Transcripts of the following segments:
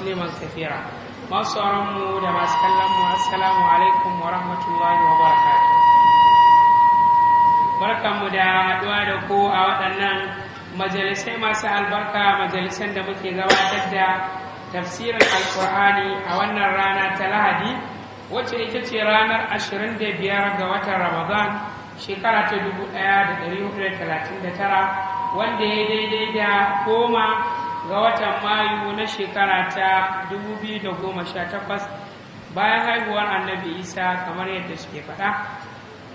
تسليما كثيرا ما صارموا لما سلموا السلام عليكم ورحمه الله وبركاته mu da haɗuwa da ku a waɗannan majalisai masu albarka majalisan da muke gabatar da tafsirin alkur'ani a wannan rana ta lahadi wacce ita ce ranar 25 ga watan ramadan shekara ta 1439 wanda ya daidai da goma ga watan mayu na shekara ta 2018 bayan haihuwar annabi isa kamar yadda suke faɗa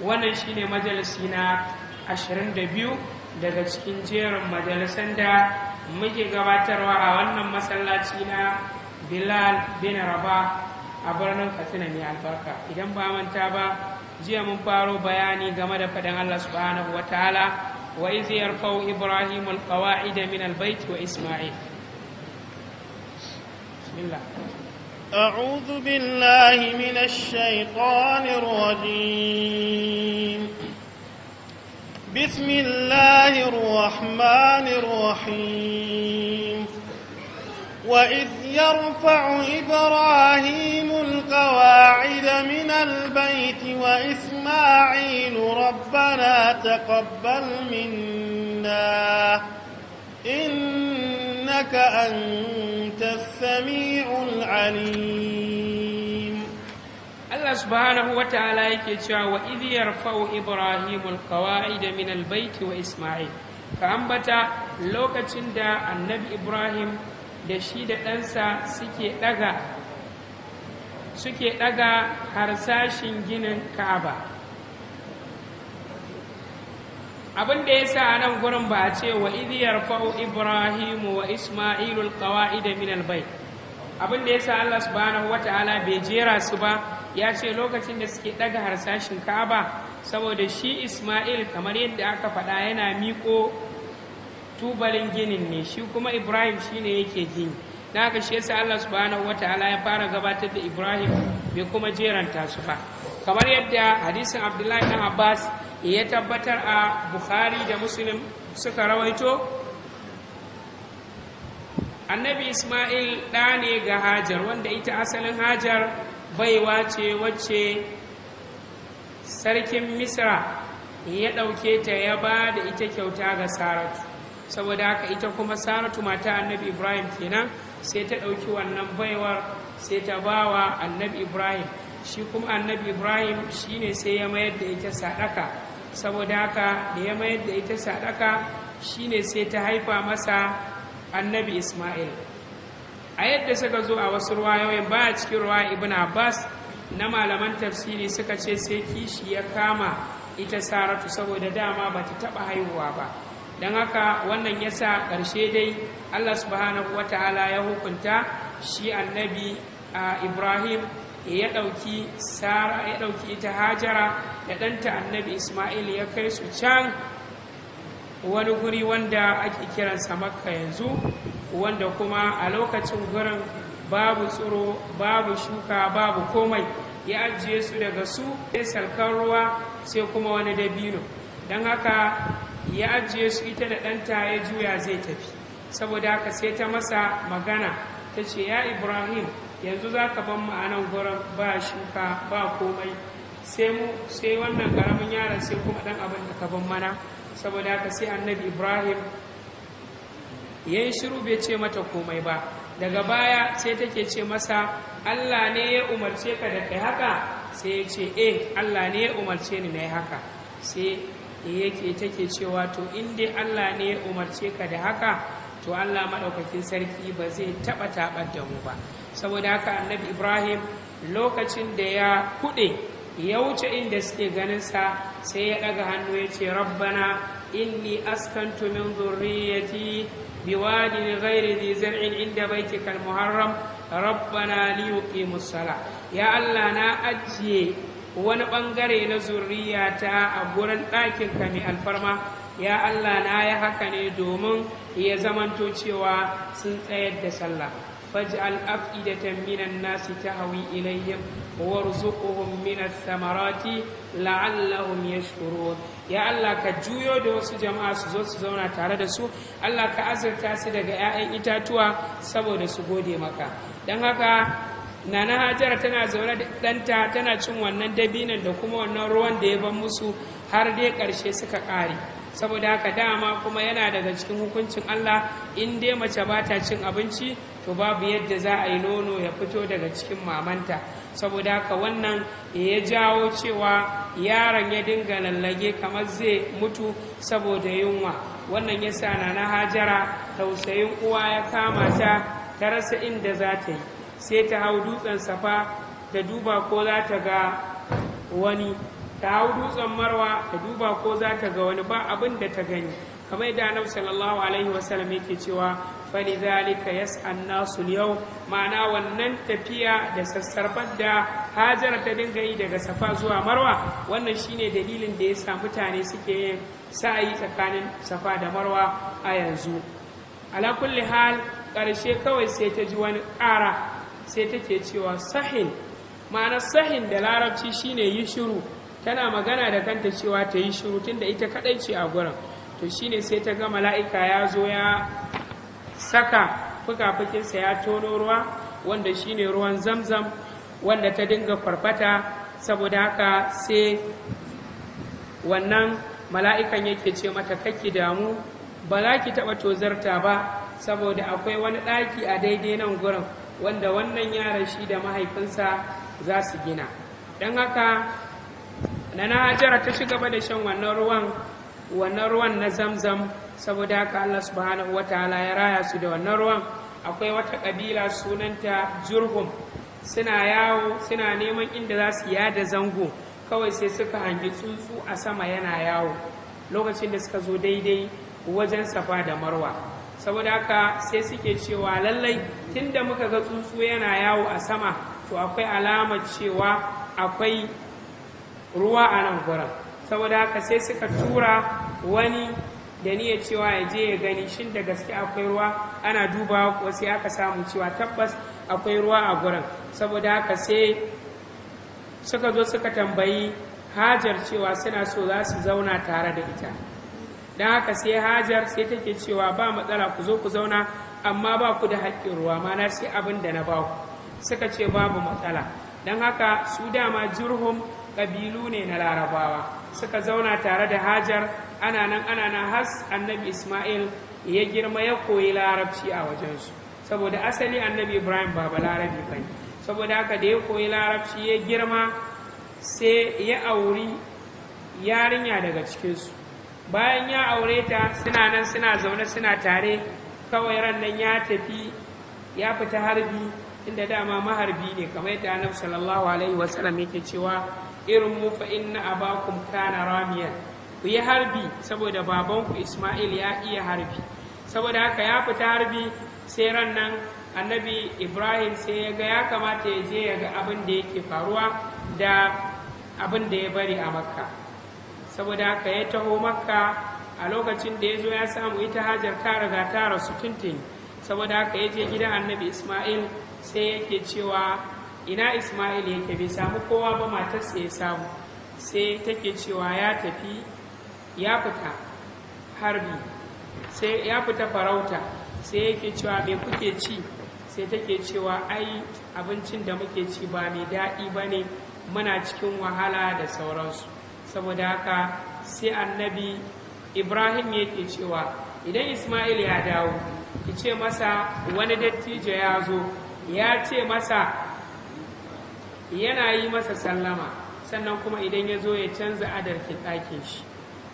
wannan shi shine majalisi na 22 daga cikin jerin majalisar da muke gabatarwa a wannan masallaci na bilal bin raba a birnin katina mai albarka idan ba manta ba jiya mun faro bayani game da faɗin allah subhanahu wa ta'ala وإذ يرفع إبراهيم القواعد من البيت وإسماعيل بسم الله أعوذ بالله من الشيطان الرجيم بسم الله الرحمن الرحيم وإذ يرفع إبراهيم القواعد من البيت وإسماعيل ربنا تقبل منا إنك أنت السميع العليم الله سبحانه وتعالى يكتشع وإذ يرفع إبراهيم القواعد من البيت وإسماعيل فأنبت لوكة النبي إبراهيم da shi da ɗansa suke ɗaga suke ɗaga harsashin ginin ka'aba abin da ya sa a nan gurin ba a ce wa idh yarfa'u ibrahimu wa isma'ilu alqawa'ida min albai abin da ya sa Allah subhanahu wata'ala bai jera su ba ya ce lokacin da suke daga harsashin Ka'aba saboda shi Isma'il kamar yadda aka faɗa yana miko. tubalin ginin ne shi kuma ibrahim shi ne yake gini na haka shi yasa allah subhanahu wataala ya fara gabatar da ibrahim bai kuma jeranta su ba kamar yadda hadisin abdullahi na abbas ya tabbatar a bukhari da muslim suka rawaito annabi isma'il ɗa ne ga hajar wanda ita asalin hajar baiwa ce wacce sarkin misra ya ɗauke ta ya ba da ita kyauta ga saratu saboda haka ita kuma saratu mata annabi ibrahim kenan sai ta ɗauki wannan baiwar sai ta ba wa annabi ibrahim shi kuma annabi ibrahim shine sai ya mayar da ita sadaka saboda haka da ya mayar da ita sadaka shine sai ta haifa masa annabi isma'il a yadda suka zo a wasu ruwayoyin ba a cikin ruwa ibn abbas na malaman tafsiri suka ce sai kishi ya kama ita saratu saboda dama ba ta taɓa haihuwa ba don haka wannan ya sa ƙarshe dai allah subhanahu wa ta'ala ya hukunta shi annabi a ibrahim ya ɗauki sara ya ɗauki ita hajara da ɗanta annabi ismail ya kai su can wani guri wanda ake kiransa makka yanzu wanda kuma a lokacin gurin babu tsoro babu shuka babu komai ya ajiye su daga su sai salkan ruwa sai kuma wani dabino don haka ya ajiye su ita da ɗanta ya juya zai tafi saboda haka sai ta masa magana ta ce ya ibrahim yanzu za ka ban ma'anan gurin ba shuka ba komai sai mu sai wannan ƙaramin yaran sai kuma ɗan abin da ka ban mana saboda haka sai annabi ibrahim ya yi shiru bai ce mata komai ba daga baya sai take ce masa allah ne ya umarce ka da kai haka sai ya ce eh allah ne ya umarce ni na yi haka sai da yake take cewa to in dai Allah ne ya umarce ka da haka to Allah maɗaukakin sarki ba zai taɓa taɓa da mu ba saboda haka annabi Ibrahim lokacin da ya kuɗe ya wuce inda suke ganin sa sai ya ɗaga hannu ya ce rabbana inni askantu min dhurriyyati biwadi ghairi dhi zar'in inda baitikal muharram rabbana li sala ya Allah na ajiye wani ɓangare na ta a gurin ɗakinka mai alfarma ya Allah na ya haka ne domin ya zamanto cewa sun tsayar da sallah faj'al af'idatan minan nasi tahwi ilayhim warzuqhum minas samarati la'allahum yashkurun ya Allah ka juyo da wasu jama'a su zo su zauna tare da su Allah ka azurta su daga 'ya'yan itatuwa saboda su gode maka dan haka nana hajara tana zaune da ɗanta tana cin wannan dabinan da kuma wannan ruwan da ya ban musu har dai ƙarshe suka ƙare saboda haka dama kuma yana daga cikin hukuncin allah in dai mace ba ta cin abinci to babu yadda za a yi nono ya fito daga cikin mamanta saboda haka wannan ya jawo cewa yaron ya dinga lallage kamar zai mutu saboda yunwa wannan ya sa nana hajara tausayin uwa ya kama ta ta rasa inda za ta yi sai ta hau dutsen safa ta duba ko za ta ga wani ta hau dutsen marwa ta duba ko za ta ga wani ba abin da ta gani kamar da annabi sallallahu alaihi wasallam yake cewa fali zalika yas'an nasu yau ma'ana wannan tafiya da sassarfar da hajara ta dinga yi daga safa zuwa marwa wannan shine dalilin da yasa mutane suke yin sa'ayi tsakanin safa da marwa a yanzu ala kulli hal ƙarshe kawai sai ta ji wani ƙara sai take cewa sahin ma'ana sahin da larabci shine yi shiru tana magana da kanta cewa ta yi shiru da ita kadai ce a gurin to shine sai ta ga mala'ika ya zo ya saka fuka-fukinsa ya tono ruwa wanda shine ruwan zamzam wanda ta dinga farfata saboda haka sai wannan mala'ikan yake ce mata kake damu ba za ki taɓa tozarta ba saboda akwai wani ɗaki a daidai nan gurin wanda wannan yaran shi da mahaifinsa za su gina don haka nana hajara ta ci gaba da shan wannan ruwan wannan ruwan na zamzam saboda haka allah subhanahu Ta'ala ya raya su da wannan ruwan akwai wata ƙabila sunanta jurhum suna yawo suna neman inda za su yada zango kawai sai suka hangi tsuntsu a sama yana yawo lokacin da suka zo daidai wajen safa da marwa saboda haka sai suke cewa lallai tunda muka ga tsuntsu yana yawo a sama to akwai alama cewa akwai ruwa a nan gurin saboda haka sai suka tura wani da niyyar cewa ya je ya gani shin da gaske akwai ruwa ana dubawa ko sai aka samu cewa tabbas akwai ruwa a gurin saboda haka sai suka zo suka tambayi hajar cewa suna so za su zauna tare da ita da haka sai hajar sai take cewa ba matsala ku zo ku zauna amma ba ku da haƙƙin ruwa mana sai abin da na ba ku suka ce babu matsala don haka su dama jurhum ƙabilu ne na larabawa suka zauna tare da hajar ana nan ana nan has annabi ismail ya girma ya koyi larabci a wajensu saboda asali annabi ibrahim baba larabi ne saboda haka da ya koyi larabci ya girma sai ya auri yarinya daga cikinsu bayan ya aure ta suna nan suna zaune suna tare kawai ran nan ya tafi ya fita harbi inda dama maharbi ne kamar yadda annabi sallallahu alaihi wasallam yake cewa irin mu fa inna abakum kana ramiyan ku yi harbi saboda baban ku Isma'il ya iya harbi saboda haka ya fita harbi sai ran nan annabi Ibrahim sai ya ga ya kamata ya je ya ga abin da yake faruwa da abin da ya bari a makka saboda haka ya taho makka a lokacin da ya zo ya samu ita hajar ta riga ta rasu tuntun saboda haka ya je gidan annabi isma'il sai yake cewa ina isma'il yake bai samu kowa ba matarsa ya samu sai take cewa ya tafi ya fita harbi sai ya fita farauta sai yake cewa bai kuke ci sai take cewa ai abincin da muke ci ba mai daɗi ba ne muna cikin wahala da sauransu saboda haka sai annabi ibrahim yake cewa idan ismail ya dawo ki ce masa wani dattijo ya zo ya ce masa yana yi masa sallama sannan kuma idan ya zo ya canza adarki ɗakin shi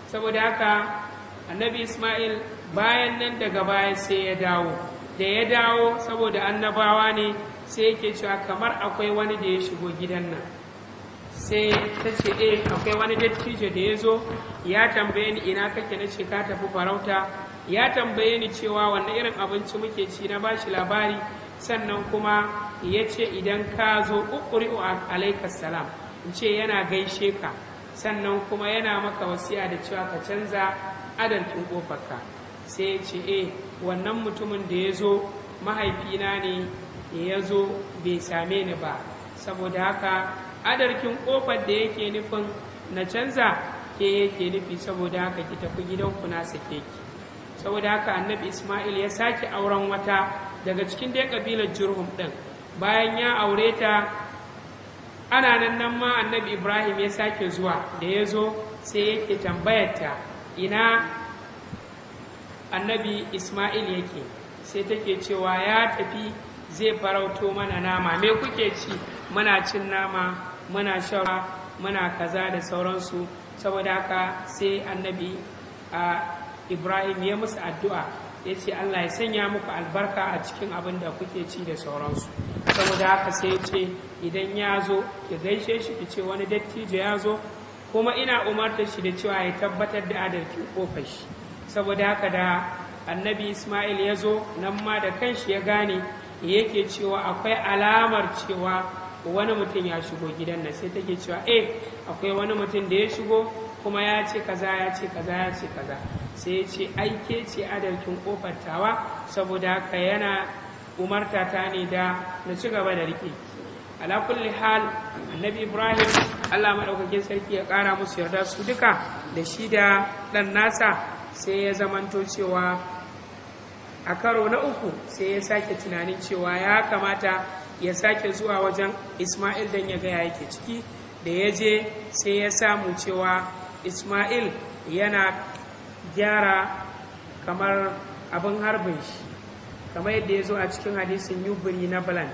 saboda haka annabi ismail bayan nan daga baya sai ya dawo da ya dawo saboda annabawa ne sai yake cewa kamar akwai wani da ya shigo gidan nan sai ta ce e akwai wani dattijo da ya zo ya tambaye ni ina kake na ce ka tafi farauta ya tambaye ni cewa wanne irin abinci muke ci na bashi labari sannan kuma ya ce idan ka zo ƙuƙuri'u alaika salam in ce yana gaishe ka sannan kuma yana maka wasiya da cewa ka canza adalcin ƙofarka sai ya ce e wannan mutumin da ya zo mahaifina ne ya zo bai same ni ba saboda haka adarkin ƙofar da yake nufin na canza ke yake nufi saboda haka ki tafi gidanku na sake ki saboda haka annabi isma'il ya sake auren wata daga cikin dai kabilar jurhum ɗin bayan ya aure ta ana nan nan ma annabi ibrahim ya sake zuwa da ya zo sai yake tambayar ta ina annabi isma'il yake sai take cewa ya tafi zai farauto mana nama me kuke ci muna cin nama muna shawara muna kaza da sauransu saboda haka sai annabi ibrahim ya musu addu'a ya ce allah ya sanya muku albarka a cikin abin da kuke ci da sauransu saboda haka sai ce idan ya zo ya gaishe shi ya ce wani dattijo ya zo kuma ina umartar shi da cewa ya tabbatar da adalcin kofar shi saboda haka da annabi ismail ya zo nan ma da kanshi ya gane yake cewa akwai alamar cewa wani mutum ya shigo gidan nan sai take cewa eh akwai wani mutum da ya shigo kuma ya ce kaza ya ce kaza ya ce kaza sai ya ce aike ce adalcin kofar tawa saboda haka yana umarta ta ne da na ci gaba da rike ala kulli hal annabi ibrahim allah maɗaukakin sarki ya ƙara musu yarda su duka da shi da ɗan nasa sai ya zamanto cewa a karo na uku sai ya sake tunanin cewa ya kamata ya sake zuwa wajen isma'il don ya gaya yake ciki da ya je sai ya samu cewa isma'il yana gyara kamar abin harbin shi kamar yadda ya zo a cikin hadisin yubiri na bulan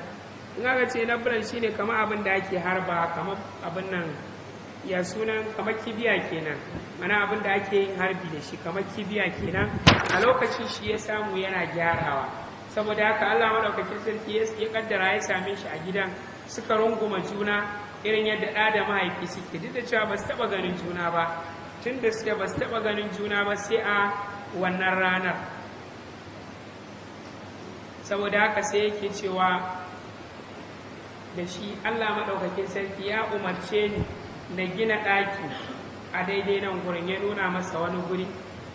in aka ce na bulan ne kamar abin da ake harba kamar abin nan ya sunan kamar kibiya kenan mana abin da ake yin harbi da shi kamar kibiya kenan a lokacin shi ya samu yana gyarawa saboda haka Allah madaukakin sarki ya kaddara ya same shi a gidan suka runguma juna irin yadda ɗa da mahaifi suke duk da cewa ba su taɓa ganin juna ba tun da suke ba su taɓa ganin juna ba sai a wannan ranar saboda haka sai yake cewa da shi allah maɗaukakin sarki ya umarce ni na gina ɗaki a daidai nan gurin ya nuna masa wani guri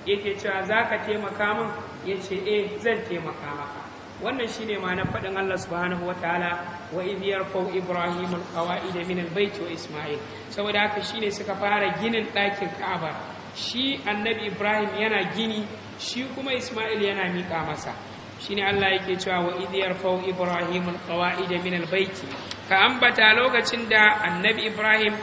yake cewa za ka taimaka min ya ce eh zan taimaka maka wannan shine ma'anar faɗin Allah subhanahu wa ta'ala wa idh yarfau ibrahim da min albayt wa isma'il saboda haka shine suka fara ginin ɗakin Ka'aba shi annabi Ibrahim yana gini shi kuma Isma'il yana miƙa masa shine Allah yake cewa wa idh yarfau ibrahim da min albayt ka ambata lokacin da annabi Ibrahim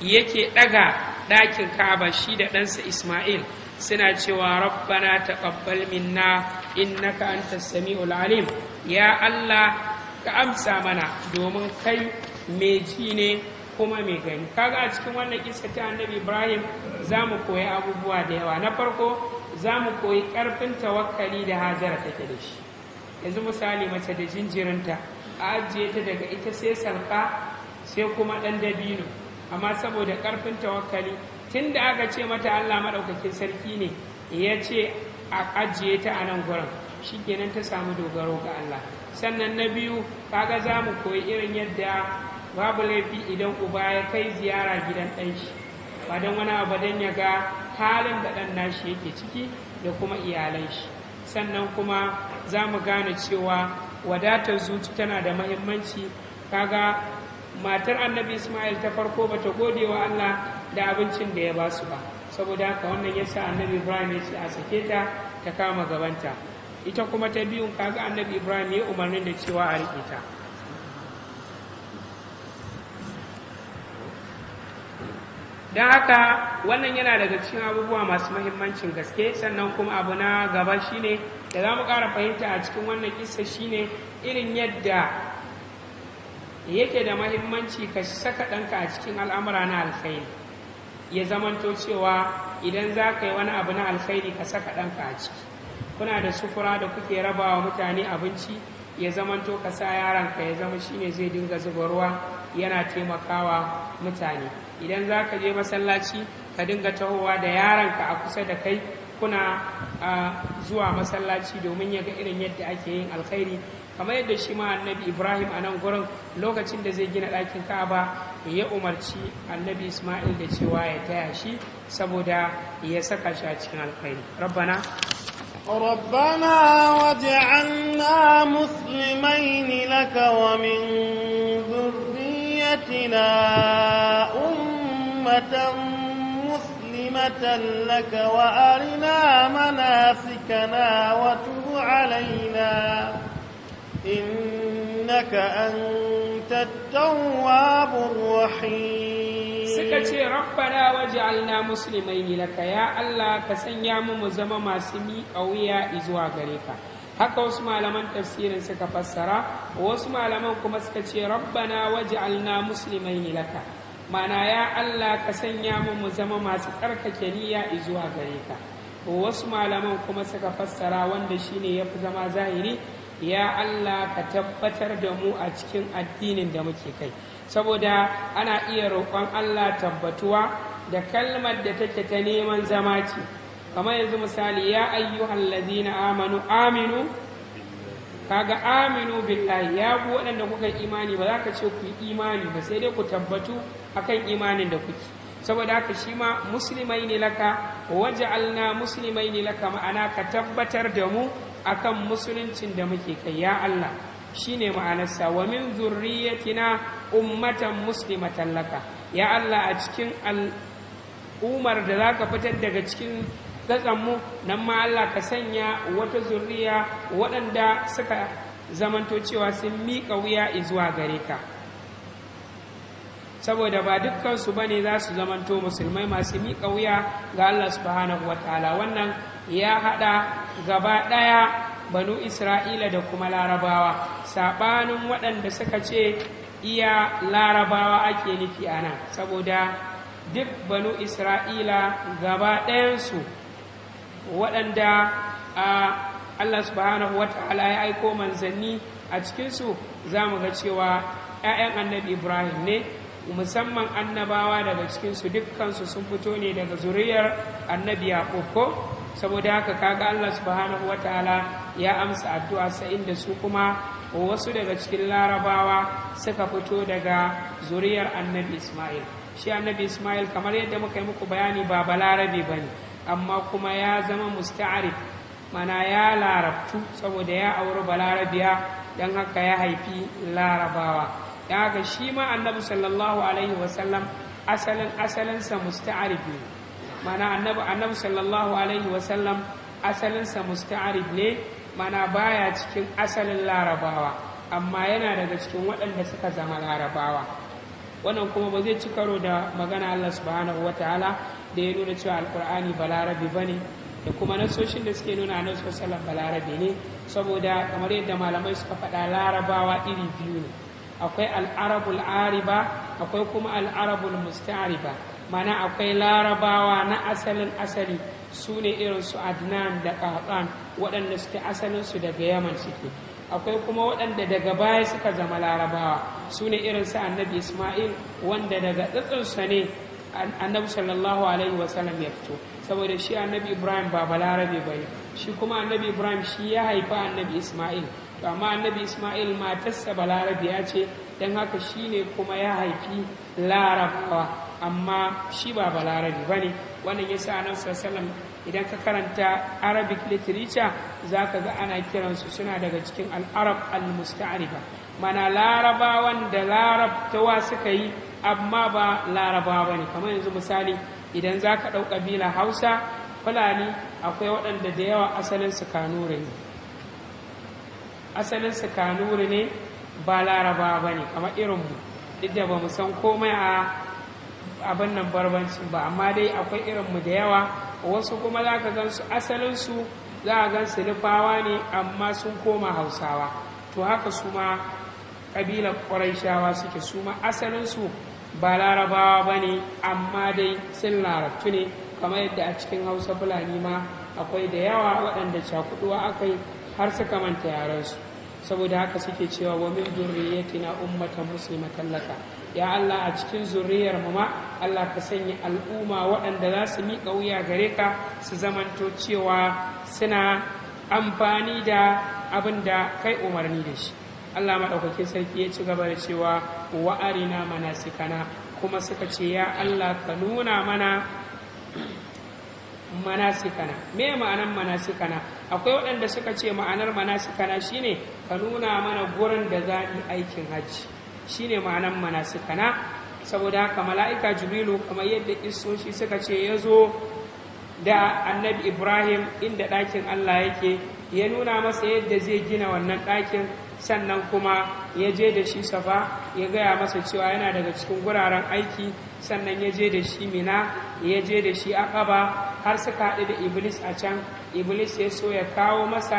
yake ɗaga ɗakin Ka'aba shi da ɗansa Isma'il suna cewa rabbana taqabbal minna innaka anta sami'ul alim ya Allah ka amsa mana domin kai mai ji ne kuma mai gani kaga a cikin wannan kisa ta annabi Ibrahim za mu koyi abubuwa da yawa na farko za mu koyi karfin tawakkali da hajara take da shi yanzu misali mace da jinjirinta a ajiye ta daga ita sai sarka sai kuma ɗan dabino amma saboda karfin tawakkali tun da aka ce mata allah maɗaukakin sarki ne ya ce a ajiye ta a nan gurin kenan ta samu dogaro ga Allah sannan na biyu kaga za mu koyi irin yadda babu laifi idan uba ya kai ziyara gidan ɗan shi ba don wani abu don ya ga halin da ɗan nashi yake ciki da kuma iyalan shi sannan kuma za mu gane cewa wadatar zuci tana da mahimmanci kaga matar annabi ismail ta farko bata gode wa allah da abincin da ya ba su ba saboda haka wannan ya sa annabi ibrahim ya ce a sake ta ta kama gabanta ita kuma ta biyun kaga annabi ibrahim ya umarnin da cewa a riƙe ta don haka wannan yana daga cikin abubuwa masu mahimmancin gaske sannan kuma abu na gaba shine da za mu ƙara fahimta a cikin wannan kisa shine irin yadda yake da mahimmanci ka saka ɗanka a cikin al'amura na alkhairi ya zamanto cewa idan za ka yi wani abu na alkhairi ka saka ɗanka a ciki kuna da sufura da kuke raba wa mutane abinci ya zamanto ka sa yaranka ya zama shi ne zai dinga zuba ruwa yana taimakawa mutane idan za ka je masallaci ka dinga tahowa da yaranka a kusa da kai kuna ah, zuwa masallaci domin ya ga irin yadda ake yin alkhairi kamar yadda shi ma annabi ibrahim a nan gurin lokacin da zai gina ɗakin ka'aba ya umarci annabi isma'il da cewa ya taya shi saboda ya saka shi a cikin alkhairi rabbana ربنا واجعلنا مسلمين لك ومن ذريتنا wa'arina مسلمة arina وأرنا wa وتب alaina innaka antat tawwabur rahim suka ce rabbana waj'alna muslimaini laka ya Allah ka sanya mu mu zama masu miƙa wuya zuwa gare ka haka wasu malaman tafsirin suka fassara wasu malaman kuma suka ce rabbana waj'alna muslimaini laka mana ya Allah ka sanya mu mu zama masu tsarkake niyya zuwa gare ka wasu malaman kuma suka fassara wanda shine ya fi zama zahiri ya Allah ka tabbatar da mu a cikin addinin da muke kai saboda ana iya roƙon Allah tabbatuwa da kalmar da take ta neman zama ce kamar yanzu misali ya ayyuhan lazina amanu aminu kaga aminu billahi ya bu waɗanda kuka imani ba za ka ce ku imani ba sai dai ku tabbatu akan imanin da kuke saboda haka shi ma musulmai ne laka waje alna musulmai ne laka ma'ana ka tabbatar da mu akan musuluncin da muke kai ya Allah shine ma'anarsa wa min zurriyatina ummatan muslimatan laka ya Allah a cikin al'umar da za ka fitar daga cikin mu nan ma Allah ka sanya wata zurriya waɗanda suka zamanto cewa sun miƙa wuya zuwa gare ka saboda ba dukkansu ba ne za su zamanto musulmai masu miƙa wuya ga Allah subhanahu wa ta'ala wannan ya haɗa gaba ɗaya banu isra'ila da kuma larabawa saɓanin waɗanda suka ce iya larabawa ake nufi a nan saboda duk banu isra'ila gaba ɗayansu waɗanda a allah subhanahu wa ta'ala ya aiko manzanni a cikinsu za mu ga cewa 'ya'yan annabi ibrahim ne musamman annabawa daga cikinsu dukkansu sun fito ne daga zuriyar annabi yaƙub ko saboda haka kaga Allah subhanahu wataala ya amsa addu'a sa inda su kuma wasu daga cikin larabawa suka fito daga zuriyar annabi Ismail shi annabi Ismail kamar yadda muka yi muku bayani ba balarabe ne amma kuma ya zama musta'arif mana ya larabtu saboda ya auri balarabiya don haka ya haifi larabawa da ga shi ma annabi sallallahu alaihi wasallam asalin asalinsa musta'arif ne mana annabi annabi sallallahu alaihi wasallam asalinsa musta'arif ne mana baya cikin asalin larabawa amma yana daga cikin waɗanda suka zama larabawa wannan kuma ba zai ci karo da magana Allah subhanahu wataala da ya nuna cewa alkur'ani balarabi bane da kuma nasoshin da suke nuna annabi sallallahu alaihi wasallam balarabi ne saboda kamar yadda malamai suka faɗa larabawa iri biyu ne akwai al'arabul ariba akwai kuma al'arabul musta'ariba mana akwai larabawa na asalin asali su ne irin su adnan da ƙaƙan waɗanda suke asalinsu daga yaman suke akwai kuma waɗanda daga baya suka zama larabawa su ne irin su annabi isma'il wanda daga tsatsinsa ne annabi sallallahu alaihi wasallam ya fito saboda shi annabi ibrahim ba balarabe ba ne shi kuma annabi ibrahim shi ya haifa annabi isma'il to amma annabi isma'il matarsa ya ce don haka shi ne kuma ya haifi larabawa amma shi ba balarabi ba ne wannan ya sa nan sallallahu idan ka karanta arabic literature za ka ga ana kiransu suna daga cikin al'arab al-musta'ariba mana larabawan da larabtawa suka yi amma ba larabawa ba ne kamar yanzu misali idan za ka ɗau ƙabila hausa fulani akwai waɗanda da yawa asalin su kanure ne asalinsu kanuri ne ba laraba ba ne kamar irinmu duk da ba mu san komai a abin nan barbancin ba amma dai akwai irinmu da yawa wasu kuma za ka gansu asalinsu za a gansu nufawa ne amma sun koma hausawa to haka su ma ƙabilar shawa suke su ma asalinsu ba larabawa ba ne amma dai sun larabtu ne kamar yadda a cikin hausa fulani ma akwai da yawa waɗanda cakuɗuwa aka har suka manta su saboda haka suke cewa wa min ummata ummatan muslimatan laka ya Allah a cikin zuriyar mu ma Allah ka sanya al'umma waɗanda za su miƙa wuya gare ka su zamanto cewa suna amfani da abin da kai umarni da shi Allah maɗaukakin sarki ya ci gaba da cewa arina manasikana kuma suka ce ya Allah ka nuna mana manasikana me ma'anar manasikana akwai waɗanda suka ce ma'anar manasikana shine ka nuna mana gurin da za yi aikin hajji shine ma'anar manasikana saboda haka mala'ika jibrilu kamar yadda isoshi suka ce ya zo da annabi ibrahim inda ɗakin allah yake ya nuna masa yadda zai gina wannan ɗakin sannan kuma ya je da shi safa ya gaya masa cewa yana daga cikin guraren aiki sannan ya je da shi mina ya je da shi akaba har suka haɗu da iblis a can iblis ya so ya kawo masa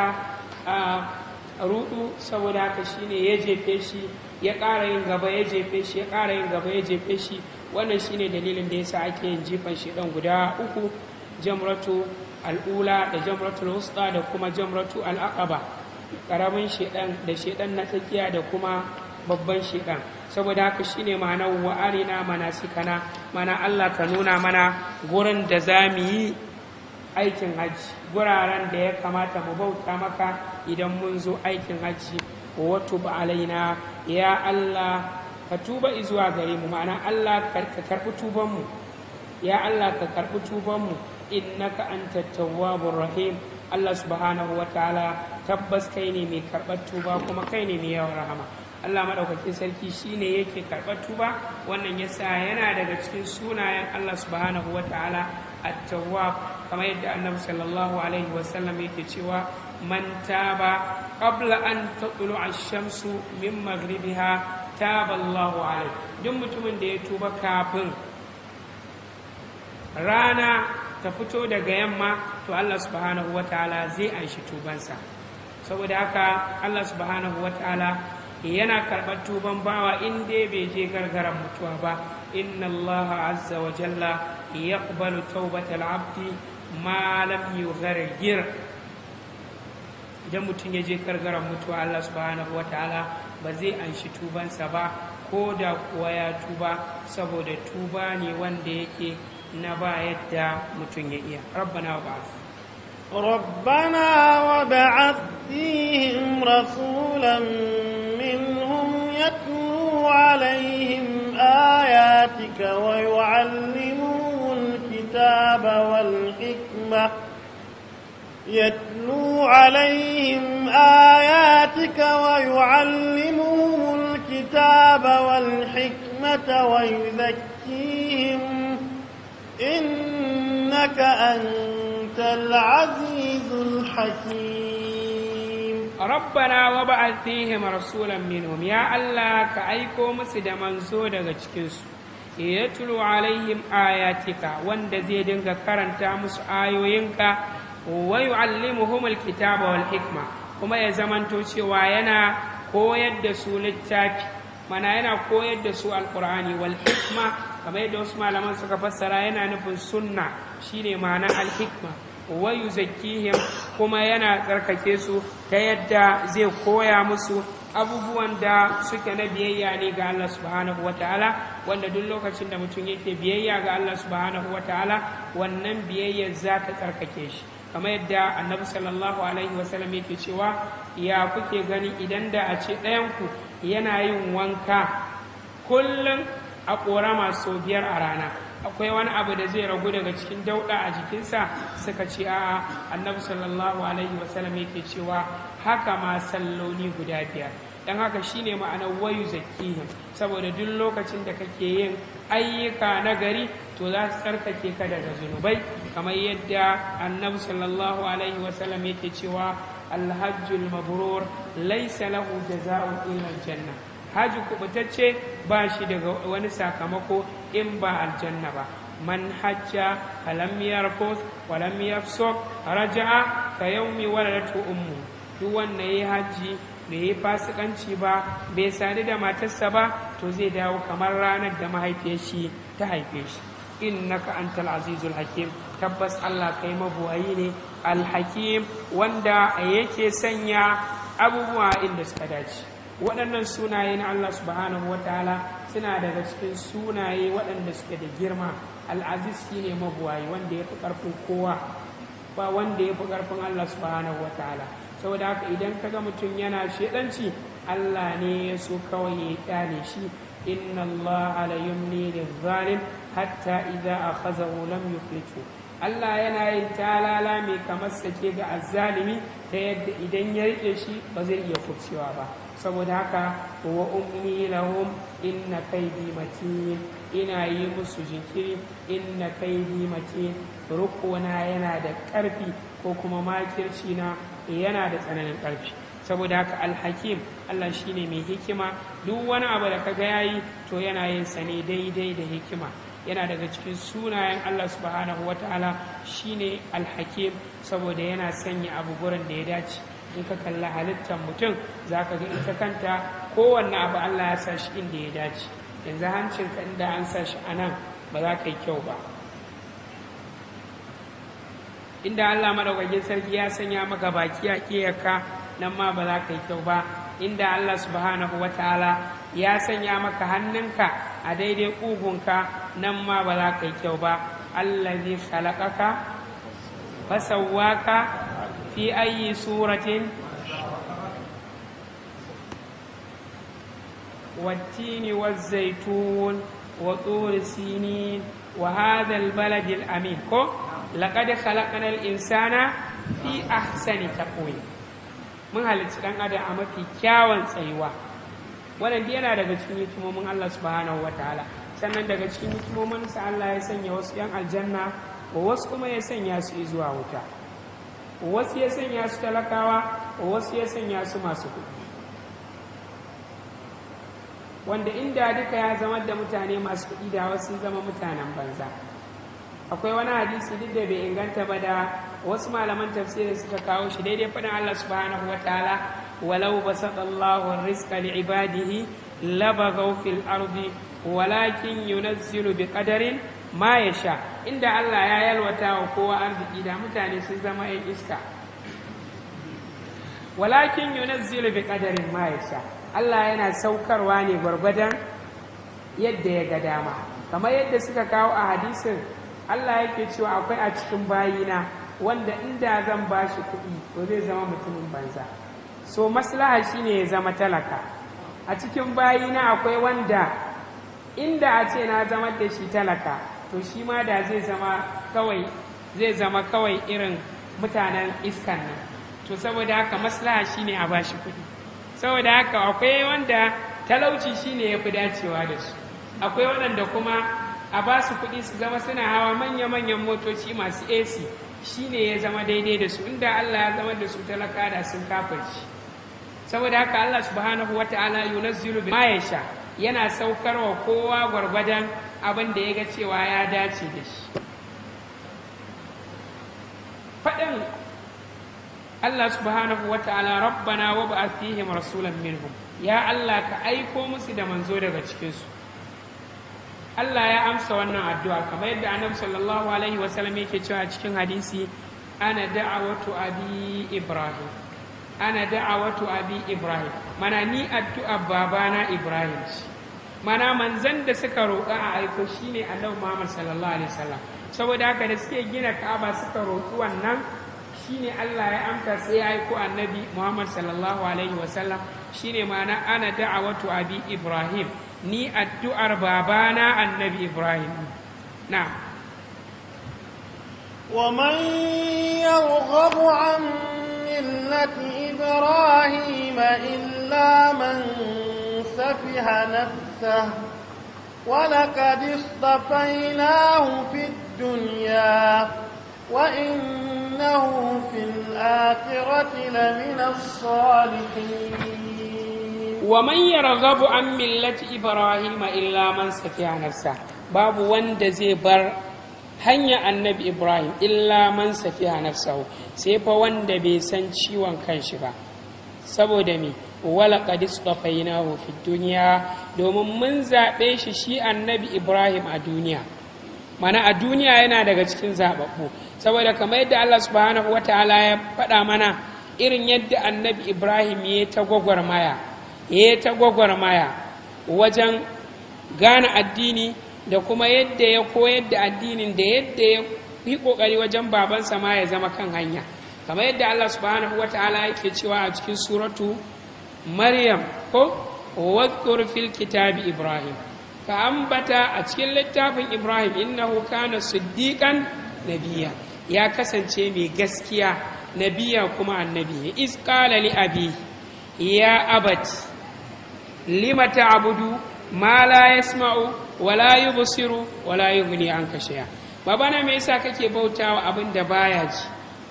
rudu saboda haka shi ne ya jefe shi ya ƙara yin gaba ya jefe shi ya ƙara yin gaba ya jefe shi wannan shi ne dalilin da ya sa ake yin jifan shi ɗan guda uku jamratu al'ula da jamratu wusta da kuma jamratu al'aqaba ƙaramin shi ɗan da shi ɗan na tsakiya da kuma babban shi ɗan saboda haka shine ma'ana wa arina sikana mana Allah ka nuna mana gurin da za mu yi aikin hajji guraren da ya kamata mu bauta maka idan mun zo aikin hajji wa tub alaina ya Allah ka tuba izuwa gare mu ma'ana Allah ka karɓi tubanmu ya Allah ka karɓi tubanmu innaka tawwabur rahim Allah subhanahu wa ta'ala tabbas kai ne mai karɓar tuba kuma kai ne mai yawan rahama Allah maɗaukakin sarki shi shine yake karɓar tuba wannan ya sa yana daga cikin sunayen Allah subhanahu wa ta'ala a tawa kamar yadda Annabi sallallahu alaihi wasallam yake cewa manta ba qabla an tatlu ash-shamsu min maghribiha taba Allahu alaihi duk mutumin da ya tuba kafin rana ta fito daga yamma to Allah subhanahu wa ta'ala zai anshi tubansa saboda haka Allah subhanahu wa ta'ala yana karɓar tuban bawa in dai bai je gargara mutuwa ba inna Allah azza wa jalla kubalu ta'ubatar abdi ma lam gargir idan mutum ya je gargara mutuwa Allah subhanahu wa ta'ala ba zai anshi tubansa ba ko da kuwa ya tuba saboda tuba ne wanda yake na ba yadda mutum ya iya rabbana wa ba'ath ربنا وبعث فيهم رسولا عليهم آياتك ويعلمهم الكتاب والحكمة يتلو عليهم آياتك ويعلمهم الكتاب والحكمة ويزكيهم إنك أنت العزيز الحكيم rabbana wa ba'ath fihim rasulan minhum ya allah ka aiko musu da manzo daga cikinsu yatlu alaihim ayatika wanda zai dinga karanta musu ayoyinka wa yu'allimuhum alkitaba wal hikma kuma ya zamanto cewa yana koyar da su littafi mana yana koyar da su alqur'ani wal hikma kamar yadda wasu malaman suka fassara yana nufin sunna shine ma'ana alhikma. wa zakihim kuma yana tsarkake su ta yadda zai koya musu abubuwan da suke na biyayya ne ga Allah subhanahu wa ta'ala wanda duk lokacin da mutum yake biyayya ga Allah subhanahu wa ta'ala wannan biyayyar za ta tsarkake shi kamar yadda annabi sallallahu alaihi wasallam yake cewa ya kuke gani idan da a ce ɗayanku yana yin wanka kullum a ƙorama sau biyar a rana akwai wani abu da zai ragu daga cikin dauɗa a jikinsa suka ce a annabi sallallahu alaihi wasallam yake cewa haka ma salloni guda biyar don haka shine ma'anar wayu zakihim saboda duk lokacin da kake yin ayyuka na gari to za su tsarkake ka daga zunubai kamar yadda annabi sallallahu alaihi wasallam yake cewa alhajjul mabrur laysa lahu jaza'un illa janna haji kubutacce ba shi daga wani sakamako in ba aljanna ba man hajja alam yarfus lam yafsuk raja'a ka yawmi waladatu ummu duk wanda yayi haji da yayi fasikanci ba bai sadu da matarsa ba to zai dawo kamar ranar da mahaifiyar shi ta haife shi innaka antal azizul hakim tabbas Allah kai mabuwayi ne alhakim wanda yake sanya abubuwa inda suka dace waɗannan sunaye na Allah subhanahu wa ta'ala suna daga cikin sunaye waɗanda suke da girma al'aziz ne mabuwayi wanda ya fi ƙarfin kowa ba wanda ya fi ƙarfin Allah subhanahu wa ta'ala saboda haka idan ka ga mutum yana shaɗanci, Allah ne ya so kawai ya kyale shi inna Allah ne da lil hatta idza akhazahu lam yuflitu Allah yana yin talala mai kamar sake ga azzalimi ta yadda idan ya rike shi ba zai iya kubcewa ba saboda haka wa umni lahum inna kaidi matin ina yi musu jinkiri inna kaidi matin rukuna yana da ƙarfi ko kuma makirci na eh, yana da tsananin ƙarfi saboda haka alhakim Allah shine mai hikima duk wani abu da kaga yayi to yana yin sa ne daidai da hikima yana daga cikin sunayen Allah subhanahu wataala shine alhakim saboda yana sanya abu gurin da ya dace in ka kalla halittar mutum za ka ga ita kanta kowanne abu allah ya sashi inda ya dace yanzu hancinka inda an sa shi a nan ba za ka yi kyau ba inda allah madaukakin sarki ya sanya maka baki a ƙiyarka nan ma ba za ka yi kyau ba inda allah subhanahu wa ta'ala ya sanya maka hannunka a daidai ƙugunka nan ma ba za ka yi kyau ba allah zai salakaka fasawaka fi ayi suratin wattini wa zaitun wa sini wa hadal baladil amin ko laƙadi salaƙanar insana fi a sani ta koyi mun halittu ɗan adam a mafi kyawun tsayuwa waɗanda yana daga cikin yi tumomin Allah su sannan daga cikin yi tumomin sa Allah ya sanya wasu 'yan aljanna wa wasu kuma ya sanya su yi zuwa wuta wasu ya sanya su talakawa wasu ya sanya su masu kuɗi wanda inda duka ya zama da mutane masu kuɗi da wasu zama mutanen banza akwai wani hadisi duk da bai inganta ba da wasu malaman tafsiri suka kawo shi daidai faɗin Allah subhanahu wa ta'ala walau basata Allahu rizqa li ibadihi labaghaw fil ardi walakin yunazzilu biqadarin ma ya sha inda Allah ya yalwata wa kowa arziki da mutane sun zama yan iska walakin yunazzilu bi kadarin ma ya sha Allah yana saukarwa ne gwargwadon yadda ya ga dama kamar yadda suka kawo a hadisin Allah yake cewa akwai a cikin bayina wanda inda zan ba shi kuɗi to zai zama mutumin banza so maslaha shine ya zama talaka a cikin bayina akwai wanda inda a ce na zama da shi talaka to shi ma da zai zama kawai zai zama kawai irin mutanen iskan nan to saboda haka maslaha shine a bashi kuɗi saboda haka akwai wanda talauci shine yafi dacewa da su akwai waɗanda kuma a ba su kuɗi su zama suna hawa manya-manyan motoci masu ac shine ya zama daidai da su inda allah ya zama da su talaka da sun kafarci saboda haka allah subhanahu wata'ala yunazzilu ma yasha yana saukarwa kowa gwargwadon abin da ya ga cewa ya dace da shi faɗin Allah subhanahu wa ta'ala rabbana wa ba fihim rasulan minhum ya Allah ka aiko musu da manzo daga cikinsu Allah ya amsa wannan addu'a kamar yadda annabi sallallahu alaihi wasallam yake cewa cikin hadisi ana da'awatu abi ibrahim ana da'awatu abi ibrahim mana ni addu'a babana ibrahim ce mana manzan da suka roƙa a aiko shine annabi Muhammad sallallahu alaihi wasallam saboda haka da suke gina Ka'aba suka roƙi wannan shine Allah ya amsa sai ya aiko annabi Muhammad sallallahu alaihi wasallam ne mana ana da'awatu abi Ibrahim ni addu'ar babana annabi Ibrahim na ومن يرغب عن ملة إبراهيم إلا من سفه نفسه نفسه ولقد اصطفيناه في الدنيا وإنه في الآخرة لمن الصالحين ومن يرغب عن ملة إبراهيم إلا من سفي نفسه باب وند زيبر hanya annabi ibrahim illa man safiha nafsahu sai fa wanda bai san ciwon kanshi ba saboda me walaƙad istafainahu fid duniya domin mun zaɓe shi shi annabi Ibrahim a duniya mana a duniya yana daga cikin zaɓaɓɓu saboda kamar yadda Allah subhanahu wataala ya faɗa mana irin yadda annabi Ibrahim ya ta maya ya ta maya wajen gane addini da kuma yadda ya koyar da addinin da yadda ya yi ƙoƙari wajen babansa ma ya zama kan hanya kamar yadda Allah subhanahu wataala yake cewa a cikin suratu maryam ko wakkur fil kitabi ibrahim ka ambata a cikin littafin ibrahim innahu kana siddiqan nabiya ya kasance mai gaskiya nabiya kuma annabi is qala li abi ya abati lima ta'budu ma la yasma'u wa la yubsiru wa la yughni anka shay'a babana me yasa kake bautawa abin da baya ji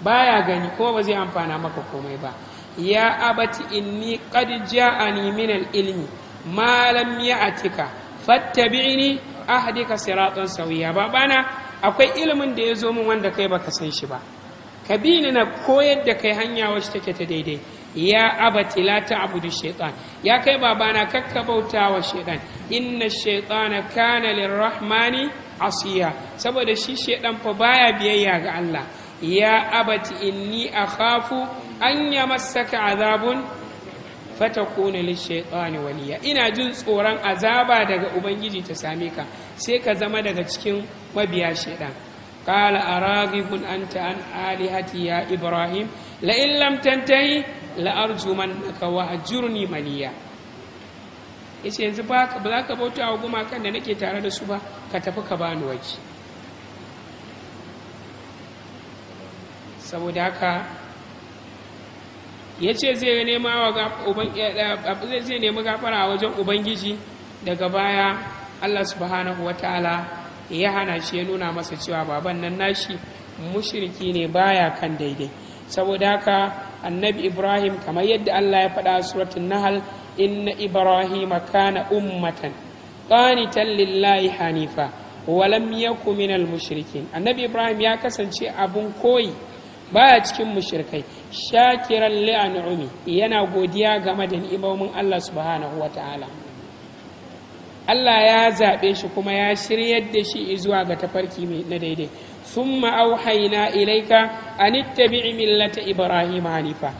baya gani ko ba zai amfana maka komai ba ya abati inni qad ja'ani min al-ilmi ma lam ya'tika fattabi'ni ahdika siratan sawiya babana akwai ilimin da ya zo min wanda kai baka san shi ba ka bi ni na koyar da kai hanya wacce take ta daidai ya abati la ta'budu shaytan ya kai babana kakka bauta wa shaytan inna shaytana kana lirrahmani asiya saboda shi shaytan fa baya biyayya ga Allah ya abati inni akhafu an masaka azabun fata fatakuna lishaitani waliya ina jin tsoron azaba daga ubangiji ta same ka sai ka zama daga cikin mabiya shaidan qala araghibun anta an alihati ya ibrahim la in lam tantahi la arjumannaka wa ajurni maliya yace yanzu ba za ka bauta wa gumakan da nake tare da su ba ka tafi ka bani waje saboda haka ya ce zai nema zai nemi gafara a wajen ubangiji daga baya allah subhanahu wataala ya hana shi ya nuna masa cewa baban nan nashi mushriki ne baya kan daidai saboda haka annabi ibrahim kamar yadda allah ya faɗa suratun nahal inna ibrahim kana ummatan qanitan lillahi hanifa walam yaku minal mushrikin annabi ibrahim ya kasance abun koyi baya cikin mushrikai shakiran umi yana godiya game da ni'imomin Allah subhanahu wa ta'ala Allah ya zaɓe shi kuma ya shiryar da shi zuwa ga tafarki na daidai summa auhaina ilaika an ittabi'i millata ibrahim hanifa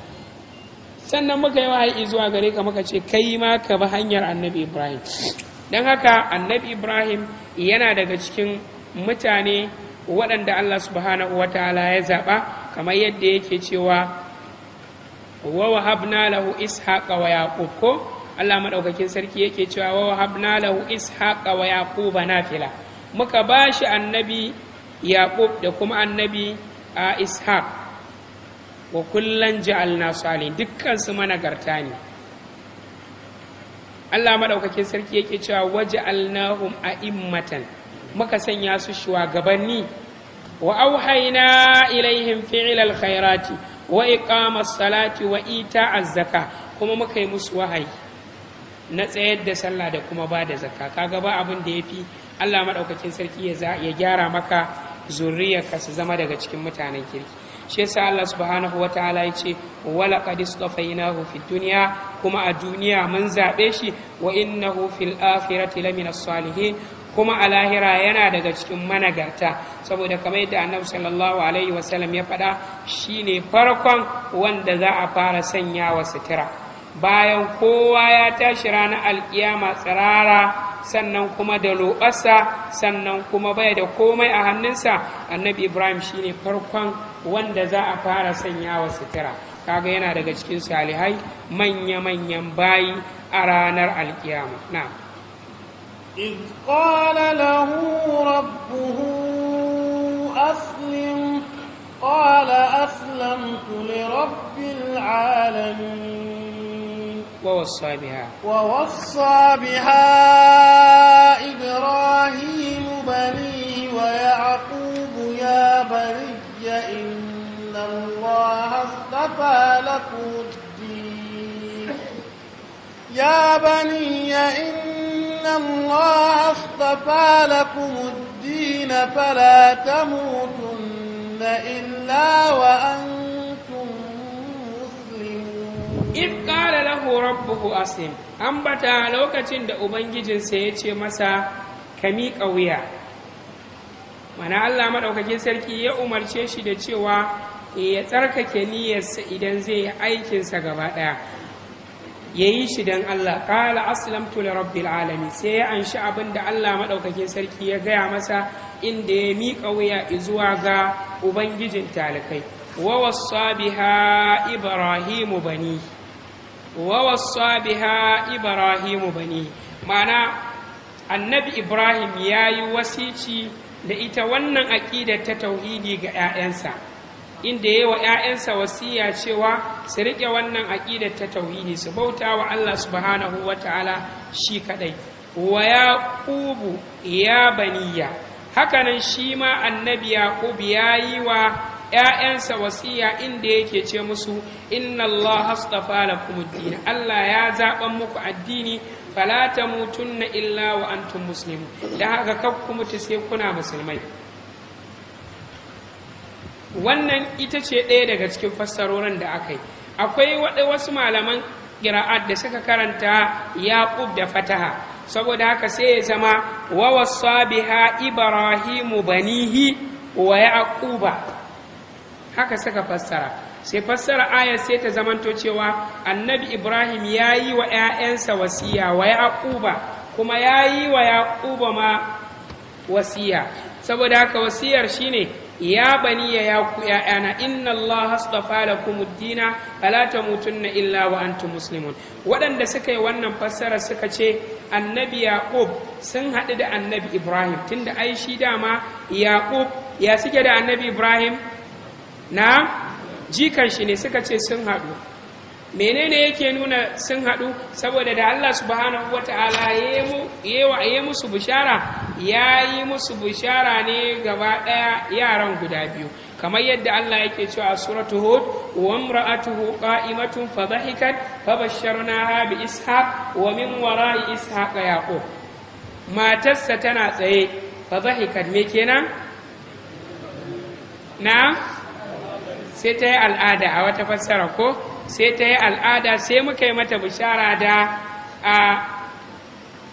sannan muka yi wahayi zuwa gare ka muka ce kai ma ka bi hanyar annabi ibrahim don haka annabi ibrahim yana daga cikin mutane waɗanda Allah subhanahu wa ta'ala ya zaɓa kamar yadda yake cewa wa wahabna lahu ishaqa wa yaqub ko Allah madaukakin sarki yake cewa wa wahabna lahu ishaqa wa yaquba nafila muka bashi annabi yaqub da kuma annabi a ishaq wa kullan ja'alna salih dukkan su managarta ne Allah madaukakin sarki yake cewa waja'alnahum a'immatan muka sanya su shugabanni wa auhaina ilaihim fi'il alkhairati wa iqamas salati wa ita'az zaka kuma muka yi musu wahayi na tsayar da sallah da kuma ba da zakka kaga ba abin da yafi Allah madaukakin sarki ya gyara maka zuriyarka su zama daga cikin mutanen kirki shi yasa Allah subhanahu wataala ya ce wa laqad istafaynahu fi dunya kuma a duniya mun zabe shi wa innahu fil akhirati lamina salihin kuma a lahira yana daga cikin managarta saboda kamar yadda annabi sallallahu alaihi wasallam ya faɗa shine farkon wanda za a fara sanya wa sutura bayan kowa ya tashi ranar alkiyama tsirara sannan kuma da lobarsa sannan kuma bai da komai a hannunsa annabi ibrahim shine farkon wanda za a fara sanya wa sutura kaga yana daga cikin salihai manya-manyan bayi a ranar alkiyama na'am إذ قال له ربه أسلم قال أسلمت لرب العالمين ووصى بها ووصى بها إبراهيم بنيه ويعقوب يا بني إن الله اصطفى لكم الدين يا بني إن zan wtafala buudina falatatumilawauiƙarala horab buhu as an bata lokacin da ubangijinsa ya ce masa kamiƙa wuya mana allah maɗaukakin sarki ya umarce shi da cewa ya tsarkake niyyarsa idan zai yi aikinsa gaba ɗaya ya yi shi don Allah ƙala aslamtu li rabbil alami sai ya anshi abin da Allah maɗaukakin sarki ya gaya masa inda ya miƙa wuya zuwa ga ubangijin talikai wa wassa biha ibrahimu bani wa bani annabi ibrahim ya yi wasici da ita wannan aƙidar ta tauhidi ga 'ya'yansa inda ya yi wa 'ya'yansa wasiya cewa su riƙe wannan aƙidar ta tauhidi su bauta wa Allah subhanahu wa ta'ala shi kaɗai wa yaqubu ya baniya hakanan shi ma annabi yaqub ya yi wa 'ya'yansa wasiya inda yake ce musu inna Allah astafa lakum ad Allah ya zaɓan muku addini fala mutunna illa wa antum da haka kakku mutu sai kuna musulmai wannan ita ce ɗaya daga cikin fassarorin da aka yi akwai wasu malaman ƙira'at da suka karanta yaƙub da fataha saboda haka sai ya zama wa wasa ibrahimu banihi wa yaquba haka suka fassara sai fassara ayar sai ta zamanto cewa annabi ibrahim ya yi wa 'ya'yansa wasiya wa yaquba kuma ya yi wa yaquba ma wasiya saboda haka wasiyar shine ya بني ya yaku ‘ya'yana, inna Allah hastafa lakum dina fala tamutunna illa wa antum Waɗanda suka yi wannan fassara suka ce, Annabi yaqub sun haɗu da Annabi Ibrahim, tunda ai shi dama yaqub ya suke da Annabi Ibrahim na jikan shi ne suka ce sun haɗu. menene yake nuna sun haɗu saboda da Allah subhanahu ta'ala ya yi musu bishara ya yi musu bishara ne gaba ɗaya yaran guda biyu kamar yadda Allah yake cewa a suratu hud wa imra'atuhu qa'imatun fa dhahikat fa basharnaha bi ishaq wa min wara'i ishaq yaqub matarsa tana tsaye fa dhahikat me kenan na sai ta yi al'ada a wata fassara ko sai ta yi al'ada sai muka yi mata bishara da a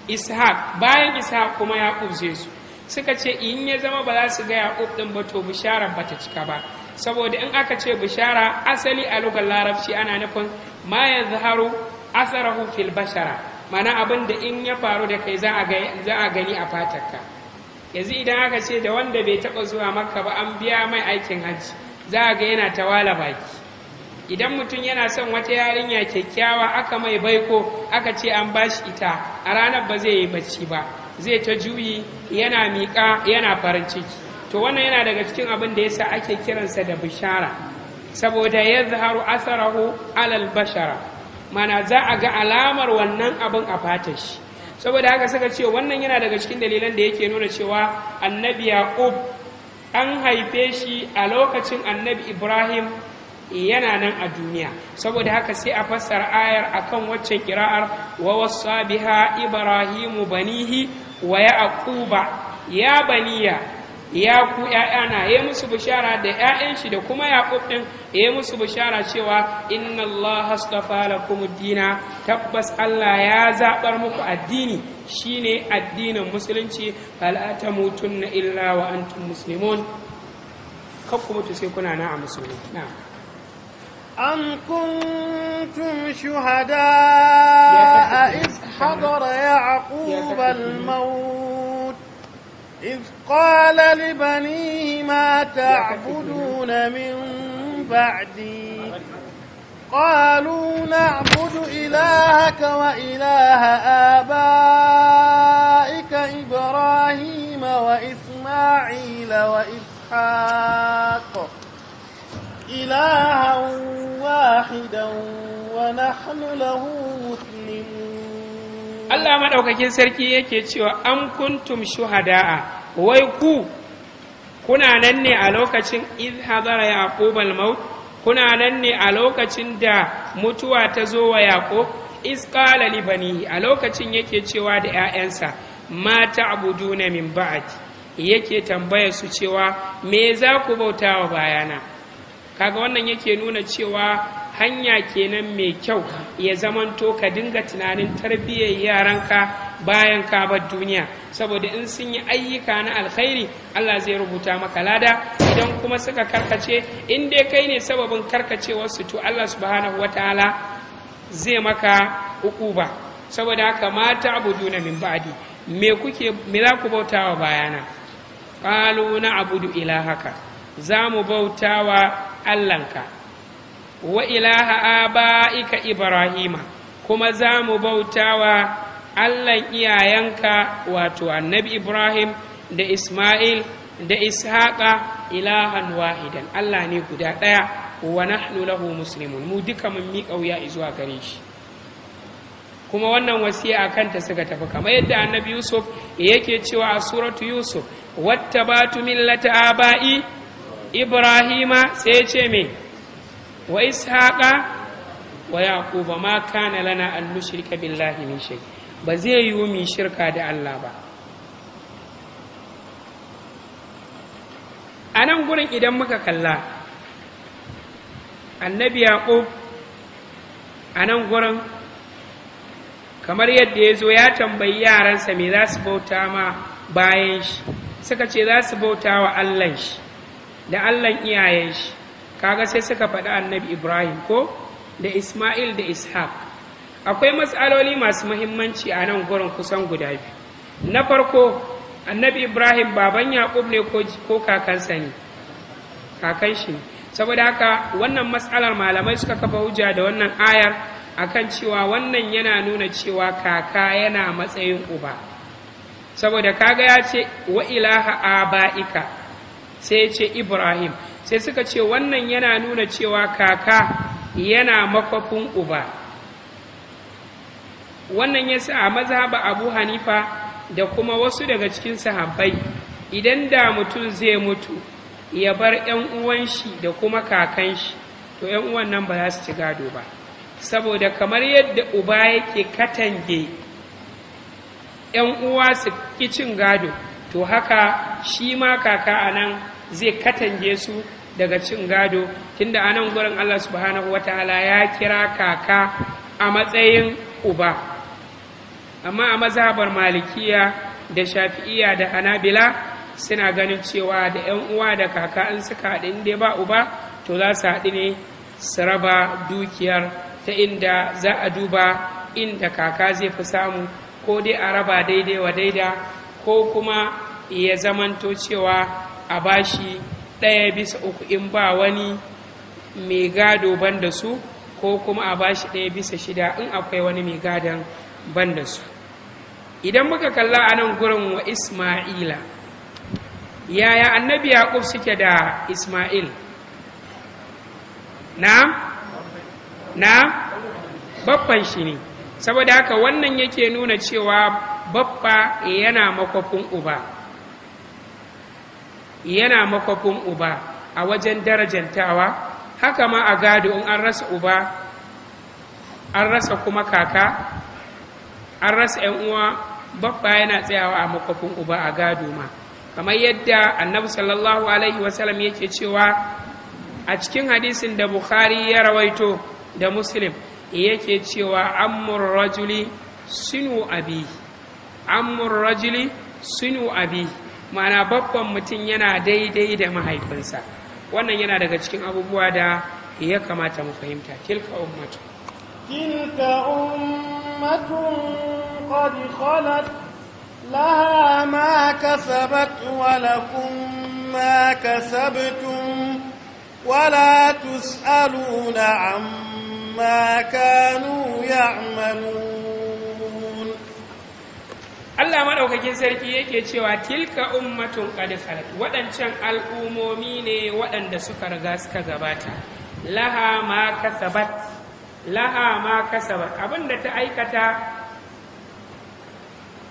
ishaq bayan ishaq kuma ya zai su suka ce in ya zama ba za su ga ya ɗin ba to bishara ba ta cika ba saboda in aka ce bishara asali a lugar larabci ana nufin ma ya zaharu asarahu fil bashara mana abin da in ya faru da kai za a gani a fatarka yanzu idan aka ce da wanda bai taɓa zuwa maka ba an biya mai aikin hajji za a ga yana tawala baki idan mutum yana son wata yarinya kyakkyawa aka mai baiko aka ce an bashi ita a ranar ba zai yi bacci ba zai ta juyi yana miƙa yana farin ciki to wannan yana daga cikin abin da yasa ake kiransa da bishara saboda ya zaharu asarahu alal bashara mana za a ga alamar wannan abin a fata shi saboda haka suka ce wannan yana daga cikin dalilan da yake nuna cewa annabi yaqub an haife shi a lokacin annabi ibrahim Eh, yana nan a duniya saboda haka sai a fassara ayar akan wacce kira'ar wa wasa biha ibrahimu banihi wa yaquba ya baniya ya ku ‘ya'yana ya musu bishara da ‘ya'yan shi da kuma yaqub ɗin ya musu bishara cewa inna Allah astafa lakum dina tabbas Allah ya zabar muku addini shine addinin musulunci fala tamutunna illa wa antum muslimun kakku mutu sai kuna na a musulmi na'am أم كنتم شهداء إذ حضر يعقوب الموت إذ قال لبنيه ما تعبدون من بعدي قالوا نعبد إلهك وإله آبائك إبراهيم وإسماعيل وإسحاق إلها واحدا ونحن له مسلمون الله ما دوكاكين سركي yake cewa am kuntum shuhada'a wai ku kuna nan ne a lokacin iz hadara yaqub al-maut kuna nan ne a lokacin da mutuwa ta zo wa yaqub iz qala li bani a lokacin yake cewa da 'ya'yansa ma ta'buduna min ba'di yake tambaya su cewa me za ku bautawa bayana kaga wannan yake nuna cewa hanya kenan mai kyau ya zamanto ka dinga tunanin tarbiyyar yaranka bayan ka bar duniya saboda in sun yi ayyuka na alkhairi Allah zai rubuta maka lada idan kuma suka karkace in dai kai ne sababin su to Allah subhanahu wataala zai maka ukuba saboda haka mata abuduna min ba'di me kuke me za ku bautawa bayana qalu na abudu ilahaka za mu bautawa Allahnka wa ilaha aba'ika Ibrahima kuma za mu bautawa Allahn iyayenka wato annabi Ibrahim da Ismail da Ishaqa ilahan wahidan Allah ne guda ɗaya wa nahnu lahu muslimun mu duka mun miƙa wuya zuwa gare shi kuma wannan wasiya a ta suka tafi kamar yadda annabi Yusuf yake cewa a suratu Yusuf wattabatu millata aba'i ibrahima sai ya ce me wa ishaqa wa yaquba ma kana lana an nushrika billahi min shay ba zai yiwu mu shirka da Allah ba a nan gurin idan muka kalla annabi yaqub a nan gurin kamar yadda ya zo ya tambayi yaransa me za su bauta ma bayan shi suka ce za su bauta wa allah shi da allan iyayen shi kaga sai suka faɗi annabi ibrahim ko da isma'il da ishaq akwai matsaloli masu mahimmanci a nan gurin kusan guda biyu na farko annabi ibrahim baban Yaqub ne ko kakansa ne kakan shi saboda haka wannan matsalar malamai suka kafa hujja da wannan ayar akan cewa wannan yana nuna cewa kaka yana matsayin uba saboda kaga ya ce wa ilaha aba'ika sai ya ce ibrahim sai suka ce wannan yana nuna cewa kaka yana makwafin uba wannan ya sa a mazhaba abu hanifa da kuma wasu daga cikin sahabbai idan da mutum zai mutu ya bar 'yan uwanshi da kuma kakan shi to 'yan uwan nan ba za su ci gado ba saboda kamar yadda uba yake katange 'yan uwa su ki cin gado to haka shi ma kaka a nan zai katange su daga cin gado tunda a nan gurin Allah subhanahu ta'ala ya kira kaka a matsayin uba amma a mazhabar malikiya da shafi'iya da hanabila suna ganin cewa da 'yan uwa da kaka in suka haɗu inda ba uba to za su haɗu ne su raba dukiyar ta inda za a duba inda kaka zai fi samu ko dai a raba daidai wa daida ko kuma ya zamanto cewa a bashi ɗaya bisa uku in ba wani mai gado ban da su ko kuma a bashi ɗaya bisa shida in akwai wani mai gadon ban da su idan muka kalla a nan gurin wa isma'ila yaya annabi yaƙub suke da isma'il na na babban shi ne saboda haka wannan yake nuna cewa babba yana makwafin uba yana makwafin uba a wajen darajantawa haka ma a gado in an rasa uba an rasa kuma kaka an rasa yan uwa babba yana tsayawa a makwafin uba a gado ma kamar yadda annabi sallallahu alaihi wasallam yake cewa a cikin hadisin da bukhari ya rawaito da muslim yake cewa amur rajuli sinu abi amur rajuli sinu abi ma'ana babban mutum yana daidai da mahaifinsa wannan yana daga cikin abubuwa da ya kamata mu fahimta tilka ummatu tilka ummatu qad khalat laha ma kasabat wa lakum ma kasabtum la tusaluna amma kanu ya'malun Allah maɗaukakin sarki yake cewa tilka ummatun qad waɗancan al'umomi ne waɗanda suka riga suka gabata laha ma kasabat laha ma kasabat abinda ta aikata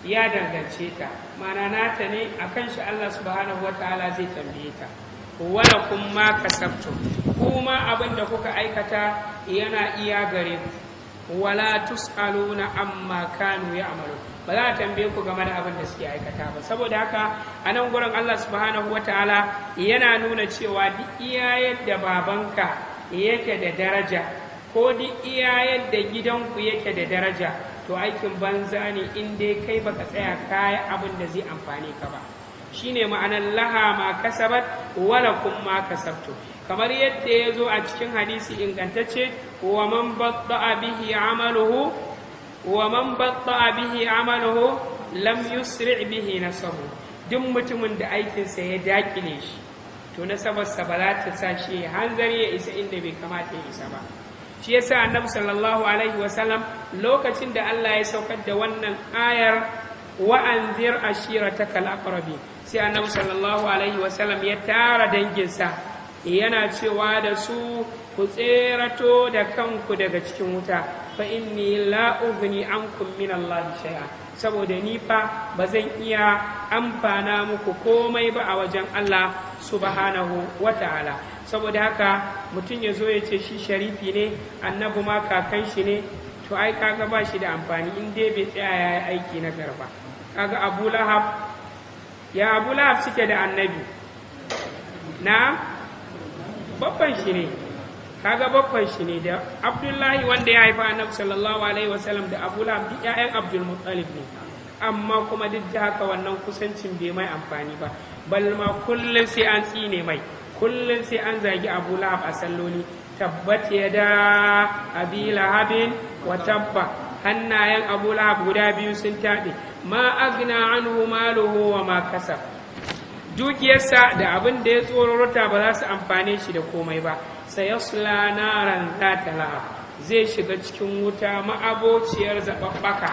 ya dangance ta mana nata ne akan shi Allah subhanahu wataala zai tambaye ta wala kun ma kasabtum kuma abinda kuka aikata yana iya gare ku wala tus'aluna amma kanu ya'malu ba za a tambaye ku game da abin da suke aikata ba saboda haka a nan gurin Allah subhanahu wataala yana nuna cewa duk iya yadda babanka yake da daraja ko duk iya yadda gidanku yake da daraja to aikin banza ne in dai kai baka tsaya kayan abin da zai amfane ka ba shine ma'anar laha ma kasabat wala kum ma kasabtu kamar yadda ya zo a cikin hadisi ingantacce wa man batta'a bihi amaluhu wa man batta'a bihi amaluhu lam yusri bihi nasabu duk mutumin da aikinsa ya dakile shi to nasabarsa ba za ta sa shi hanzari ya isa inda bai kamata ya isa ba shi yasa annabi sallallahu alaihi wasallam lokacin da Allah ya saukar da wannan ayar wa'anzir ashirataka al-aqrabin sai annabi sallallahu alaihi wasallam ya tara danginsa eh, yana cewa da su ku tserato da kanku daga cikin wuta fa inni la ugni ankum min Allah shay'a saboda ni fa ba zan iya amfana muku komai ba a wajen Allah subhanahu wata'ala saboda haka mutum ya zo ya ce shi sharifi ne annabi ma kakan shi ne to ai kaga ba shi da amfani in dai bai tsaya ya aiki na garba kaga abu lahab ya abu lahab suke da annabi na babban shi ne kaga babban shi ne da abdullahi wanda ya haifa annabi sallallahu alaihi wasallam da abu lahab duk ƴaƴan abdul muttalib ne amma kuma duk da haka wannan kusancin bai mai amfani ba balma kullum sai an tsine mai kullun sai an zagi abu lahab a salloli tabbat ya da abi lahabin wa tabba hannayen abu lahab guda biyu sun taɓe ma agna anhu maluhu wa ma kasab dukiyarsa da abin da ya tsororota ba za su amfane shi da komai ba sai yasla naran zata zai shiga cikin wuta ma'abociyar zaɓaɓɓaka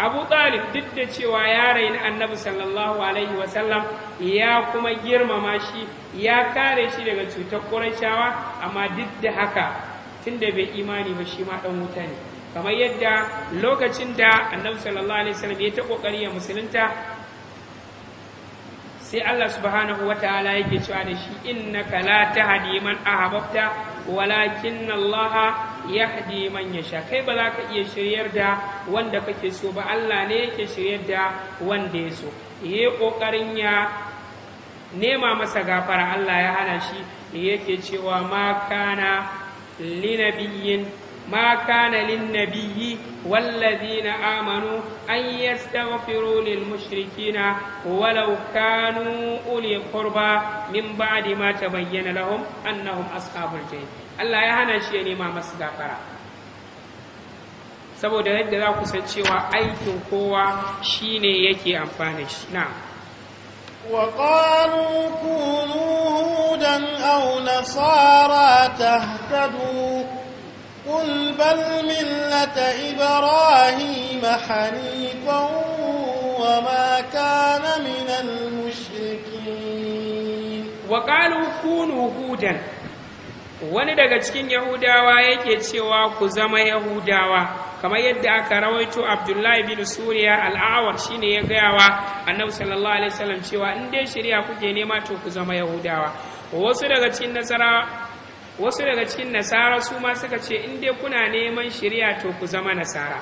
abu talib duk da cewa ya raini annabi sallallahu alaihi wasallam ya kuma girmama shi ya kare shi daga cutar ƙurashawa amma duk da haka tunda bai imani ba shi ma ɗan wuta ne kamar yadda lokacin da annabi sallallahu alaihi wasallam ya ta kokari ya musulunta sai Allah subhanahu wataala yake cewa da shi innaka la tahdi man ahbabta walakin Allah yahdi man yasha kai ba za ka iya shiryar da wanda kake so ba Allah ne yake shiryar da wanda ya so yi kokarin ya nema masa gafara Allah ya hana shi yake cewa ma kana linabiyin ما كان للنبي والذين آمنوا أن يستغفروا للمشركين ولو كانوا أولي قربى من بعد ما تبين لهم أنهم أصحاب الجنة Allah ya hana shi ya nema masu gafara saboda yadda za ku san cewa aikin kowa shi ne yake amfani shi na wa ƙaru kunu hudan au nasara ta tadu قل بل ملة إبراهيم حنيفا وما كان من المشركين وقالوا كونوا هودا wani daga cikin yahudawa yake cewa ku zama yahudawa kamar yadda aka rawaito abdullahi bin suriya al'awar shine ya gayawa annabi sallallahu alaihi wasallam cewa in dai shari'a kuke nema to ku zama yahudawa wasu daga cikin nasara wasu daga cikin nasara su ma suka ce in dai kuna neman shirya to ku zama nasara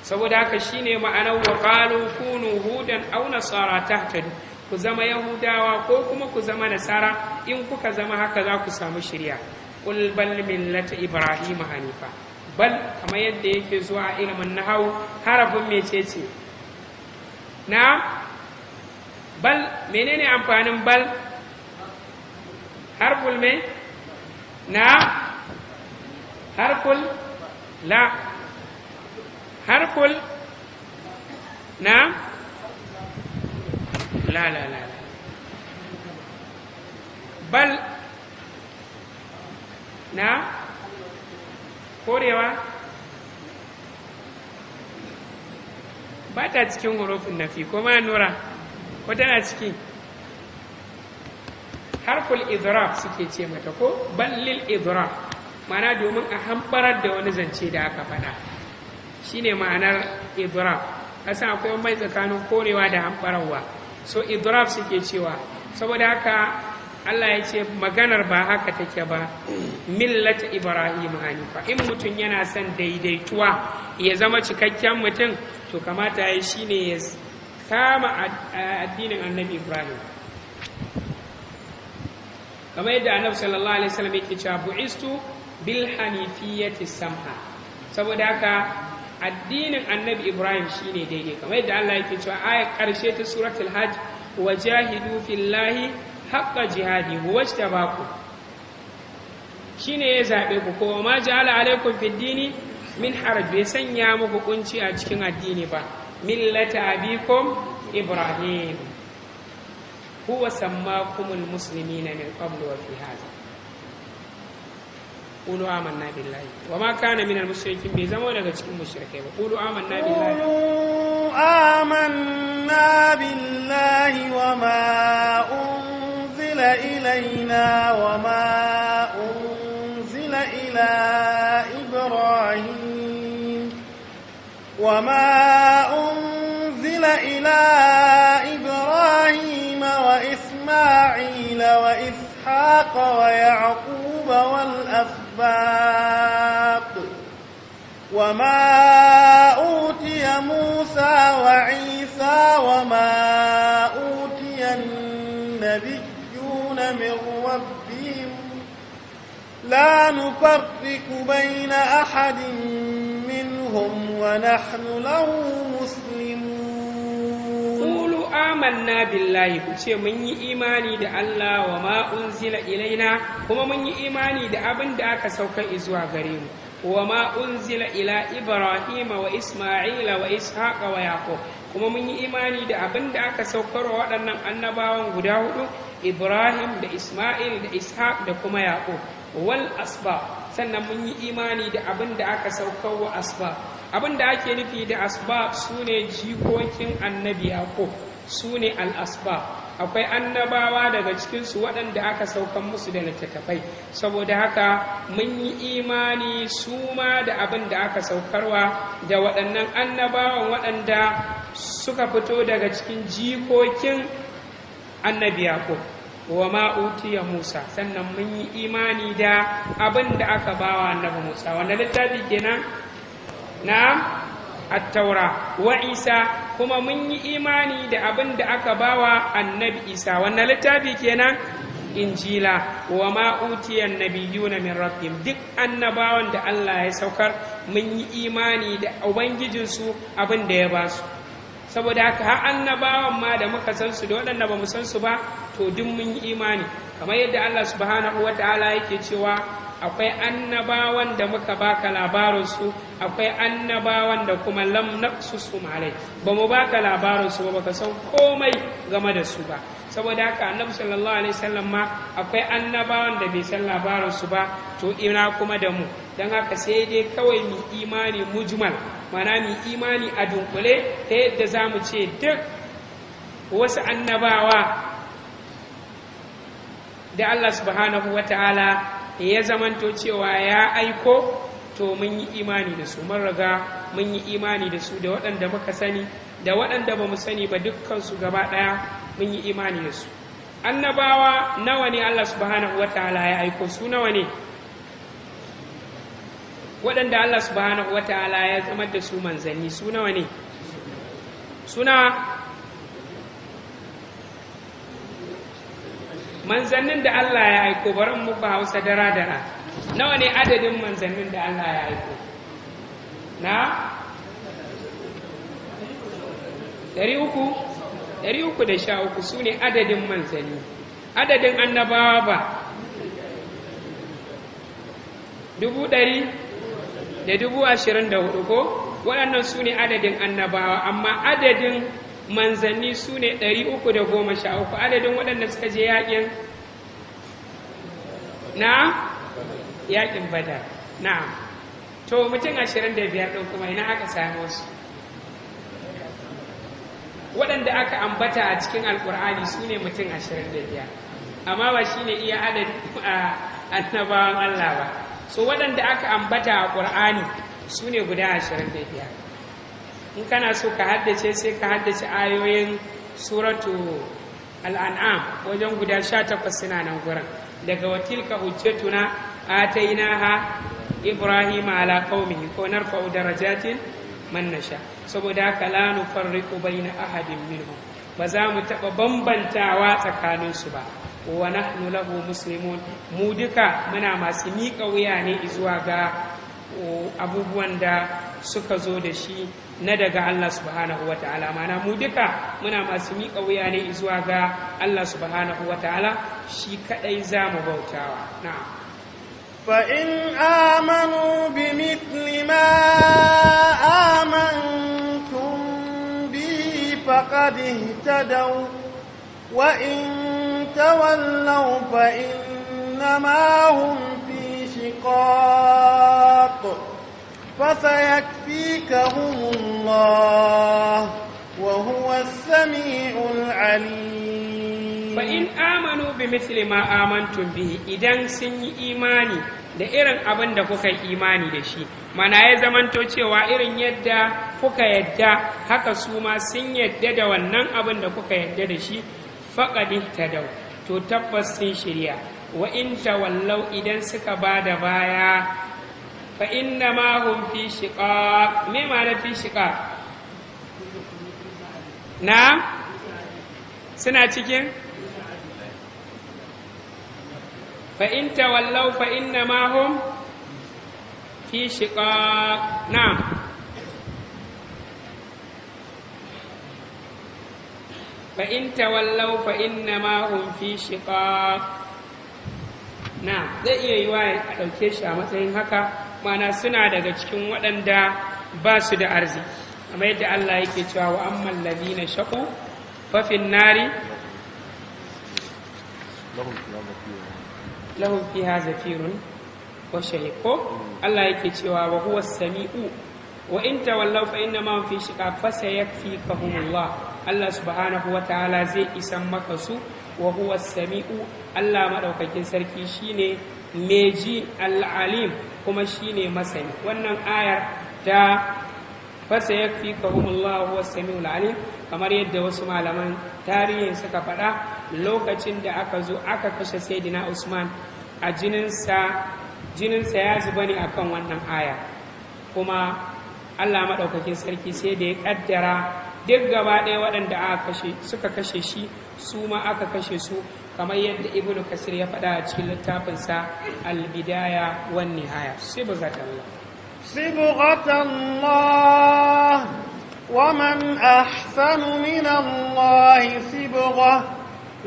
saboda haka shine ma'anar wa qalu kunu hudan aw nasara tahtadu ku zama yahudawa ko kuma ku zama nasara in kuka zama haka za ku samu shirya qul bal millata ibrahim hanifa bal kamar yadda yake zuwa a ilimin nahawu harafin mecece na bal menene amfanin bal harful mai na harkul la harkul na la la la bal na korewa ba ta cikin hurufin nafi ko ma nura ko tana ciki harful idra suke ce mata ko ballil idra ma'ana domin a hambarar da wani zance da aka faɗa shine ma'anar idra kasan akwai mai tsakanin korewa da hambararwa so idra suke cewa saboda haka Allah ya ce maganar ba haka take ba millat ibrahim hanifa in mutum yana son daidaituwa ya zama cikakken mutum to kamata ya shine ya kama addinin annabi ibrahim kamar yadda annabi sallallahu alaihi wasallam yake cewa bu'istu bil hanifiyati samha saboda haka addinin annabi ibrahim shine daidai kamar yadda Allah yake cewa ayat karshe ta suratul hajj wajahidu fillahi haqqa jihadi wajtabaku shine ya zabe ku ko ma ja'ala alaikum fid dini min haraj bai sanya muku kunci a cikin addini ba millata abikum ibrahim huwa sammakumul muslimina min qablu wa fi hadha qulu amanna billahi wa ma kana minal bai zama daga cikin mushrikai ba qulu amanna billahi amanna billahi wa ma unzila ilaina wa ma unzila ila ibrahim wa ma unzila ila ibrahim وإسماعيل وإسحاق ويعقوب والأسباط وما أوتي موسى وعيسى وما أوتي النبيون من ربهم لا نفرق بين أحد منهم ونحن له مسلمون amanna billahi ku ce mun yi imani da Allah wa ma unzila ilaina kuma mun yi imani da abin da aka sauka zuwa gare mu wa ma unzila ila ibrahima wa isma'ila wa ishaqa wa yaqub kuma mun yi imani da abin da aka saukar wa waɗannan annabawan guda hudu ibrahim da isma'il da ishaq da kuma yaqub wal asba sannan mun yi imani da abin da aka saukar wa asba abin da ake nufi da su ne jikokin annabi yaqub su ne al'asba akwai annabawa daga cikinsu waɗanda aka saukan musu da littattafai saboda haka mun yi imani su ma da abin da aka saukarwa da waɗannan annabawan waɗanda suka fito daga cikin jikokin annabi yaƙo wa ma'utiya musa sannan mun yi imani da abin da aka bawa annabi musa wanda littafi kenan na attaura wa isa kuma mun yi imani da abin da aka bawa annabi isa wannan littafi kenan injila wa ma'utiyan nabiyuna min rabbihim duk annabawan da Allah ya saukar mun yi imani da ubangijinsu abin da ya ba su saboda haka har annabawan ma da muka san su da waɗanda ba mu san su ba to duk mun yi imani kamar yadda Allah subhanahu ta'ala yake cewa akwai annabawan da muka baka labarinsu akwai annabawan da kuma lam su malai ba mu baka labarinsu ba baka san komai game da su ba saboda haka annabi sallallahu alaihi wasallam ma akwai annabawan da bai san su ba to ina kuma da mu dan haka sai dai kawai mu imani mujmal mana mu imani a dunkule ta yadda zamu ce duk wasu annabawa da Allah subhanahu wa ta'ala ya zamanto cewa ya aiko to mun yi imani da su mun raga mun yi imani da su da waɗanda muka sani da waɗanda ba mu sani ba dukkansu gaba ɗaya mun yi imani da su annabawa nawa ne Allah subhanahu wa ta'ala ya aiko su nawa ne waɗanda Allah subhanahu wa ta'ala ya zama da su manzanni su nawa ne suna manzannin da Allah ya aiko bari ba hausa dara dara nawa ne adadin manzannin da Allah ya aiko na Dari uku Dari uku da sha uku su ne adadin manzanni adadin annabawa ba dubu ɗari da dubu ashirin da hudu ko waɗannan su ne adadin annabawa amma adadin manzanni su ne 313 adadin waɗanda suka je yaƙin na yaƙin bada na to mutum 25 ɗin kuma ina aka samu su waɗanda aka ambata a cikin alƙur'ani su ne mutum 25 amma ba shi ne iya adadin annabawan Allah ba so waɗanda aka ambata a ƙur'ani su ne guda 25 in kana so ka haddace sai ka haddace ayoyin suratu al'an'am wajen guda sha takwas suna nan gurin daga watilka hujjatuna atainaha ibrahim ala qaumihi ko narfa darajatin man sha saboda haka ko bai na ahadin minhum ba za mu taɓa bambantawa tsakaninsu ba wa nahnu lahu muslimun mu duka muna masu miƙa wuya ne zuwa ga uh, abubuwan da suka zo da shi na daga Allah subhanahu wa ta'ala mana mu duka muna masu miƙa wuya ne zuwa ga Allah subhanahu wa ta'ala shi kaɗai za mu bautawa na'am فإن آمنوا بمثل ta آمنتم wa in ta وإن تولوا na هم في شقاق فسيكفيكهم الله وهو السميع العليم فإن آمنوا بمثل ما آمنتم به إذا سني إيماني da irin abin da kuka yi imani da shi mana ya zamanto cewa irin yadda kuka yadda haka su ma sun yadda da wannan abin da kuka yadda da shi faƙaɗi ta dau to tabbas sun shirya wa in tawallau idan suka ba da baya fa inna ma hum fi shiqaq me ma na fi shiqaq na suna cikin fa in tawallaw fa inna ma hum fi shiqaq na'am فإن تولوا فإنما هم fi شقاق na? zai iya yiwa a ɗauke shi a matsayin haka mana suna daga cikin waɗanda ba su da arziki amma yadda Allah yake cewa wa amman ladina shaqu fa nari lahum fiha zafirun wa shahiqu Allah yake cewa wa huwa samiu wa in tawallaw fa inna ma fi shiqaq fa sayakfikahumullah Allah subhanahu wa ta'ala zai isan maka su wa huwa samiu Allah madaukakin sarki shine meji al kuma shi ne masani wannan ayar ta fasa ya fi kahumullahu wasu samiul alim kamar yadda wasu malaman tarihin suka faɗa lokacin da aka zo aka kashe saidina usman a jininsa ya zuba ne akan wannan ayar. kuma allah maɗaukakin sarki sai da ya ƙaddara duk gaba ɗaya waɗanda aka kashe suka kashe shi su ma aka kashe su kamar yadda ibn kasir ya faɗa a cikin littafinsa albidaya wan nihaya sibghat allah sibghat allah wa man ahsanu min allah sibgha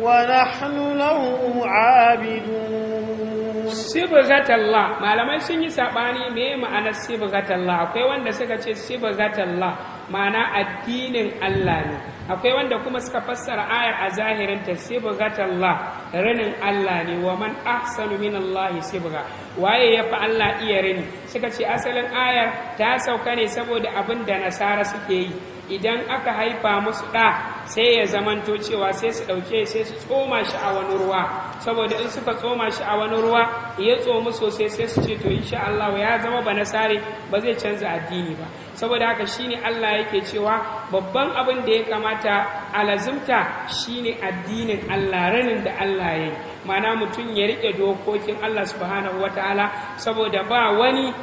wa nahnu lahu abidun sibghat allah malamai sun yi sabani me ma'anar sibghat allah akwai wanda suka ce sibghat allah ma'ana addinin allah ne akwai wanda kuma suka fassara ayar a zahirin ta Allah rinin Allah ne wa man ahsanu min Allah sibgha waye ya fa Allah iya rini suka ce asalin ayar ta sauka ne saboda abin da nasara suke yi idan aka haifa musu ɗa sai ya zamanto cewa sai su ɗauke sai su tsoma shi a wani ruwa saboda in suka tsoma shi a wani ruwa ya tsomu sosai sai su ce to insha Allah ya zama ba nasare ba zai canza addini ba saboda haka shine Allah yake cewa babban abin da ya kamata a shi shine addinin Allah ranin da Allah ya yi mana mutum ya riƙe dokokin Allah subhanahu wataala saboda ba wani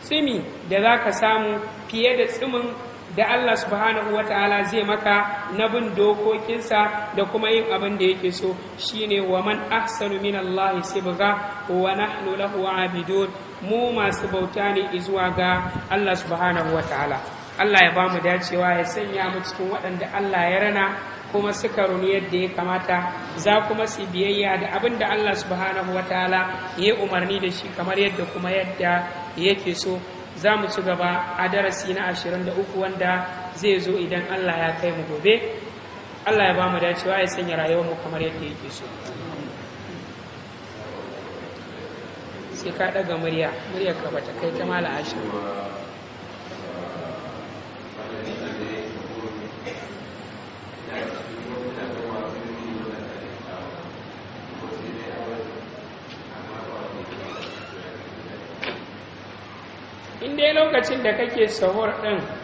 tsimi da za ka samu fiye da tsimin da Allah subhanahu wataala zai maka na bin dokokinsa da kuma yin abin da yake so shine wa man ahsanu min Allah sibga wa nahnu lahu abidun mu masu bauta ne izuwa ga Allah subhanahu wa ta'ala Allah ya bamu dacewa ya sanya mu cikin waɗanda Allah ya rana kuma suka runi yadda ya kamata za kuma su biyayya da abin da Allah subhanahu wa ta'ala ya umarni da shi kamar yadda kuma yadda yake so za mu ci gaba a darasi na ashirin da uku wanda zai zo idan Allah ya kai mu gobe Allah ya ba mu dacewa ya sanya rayuwar mu kamar yadda yake so sai ka ɗaga murya murya ka bata kai ta mala ashi in dai lokacin da kake sahur ɗin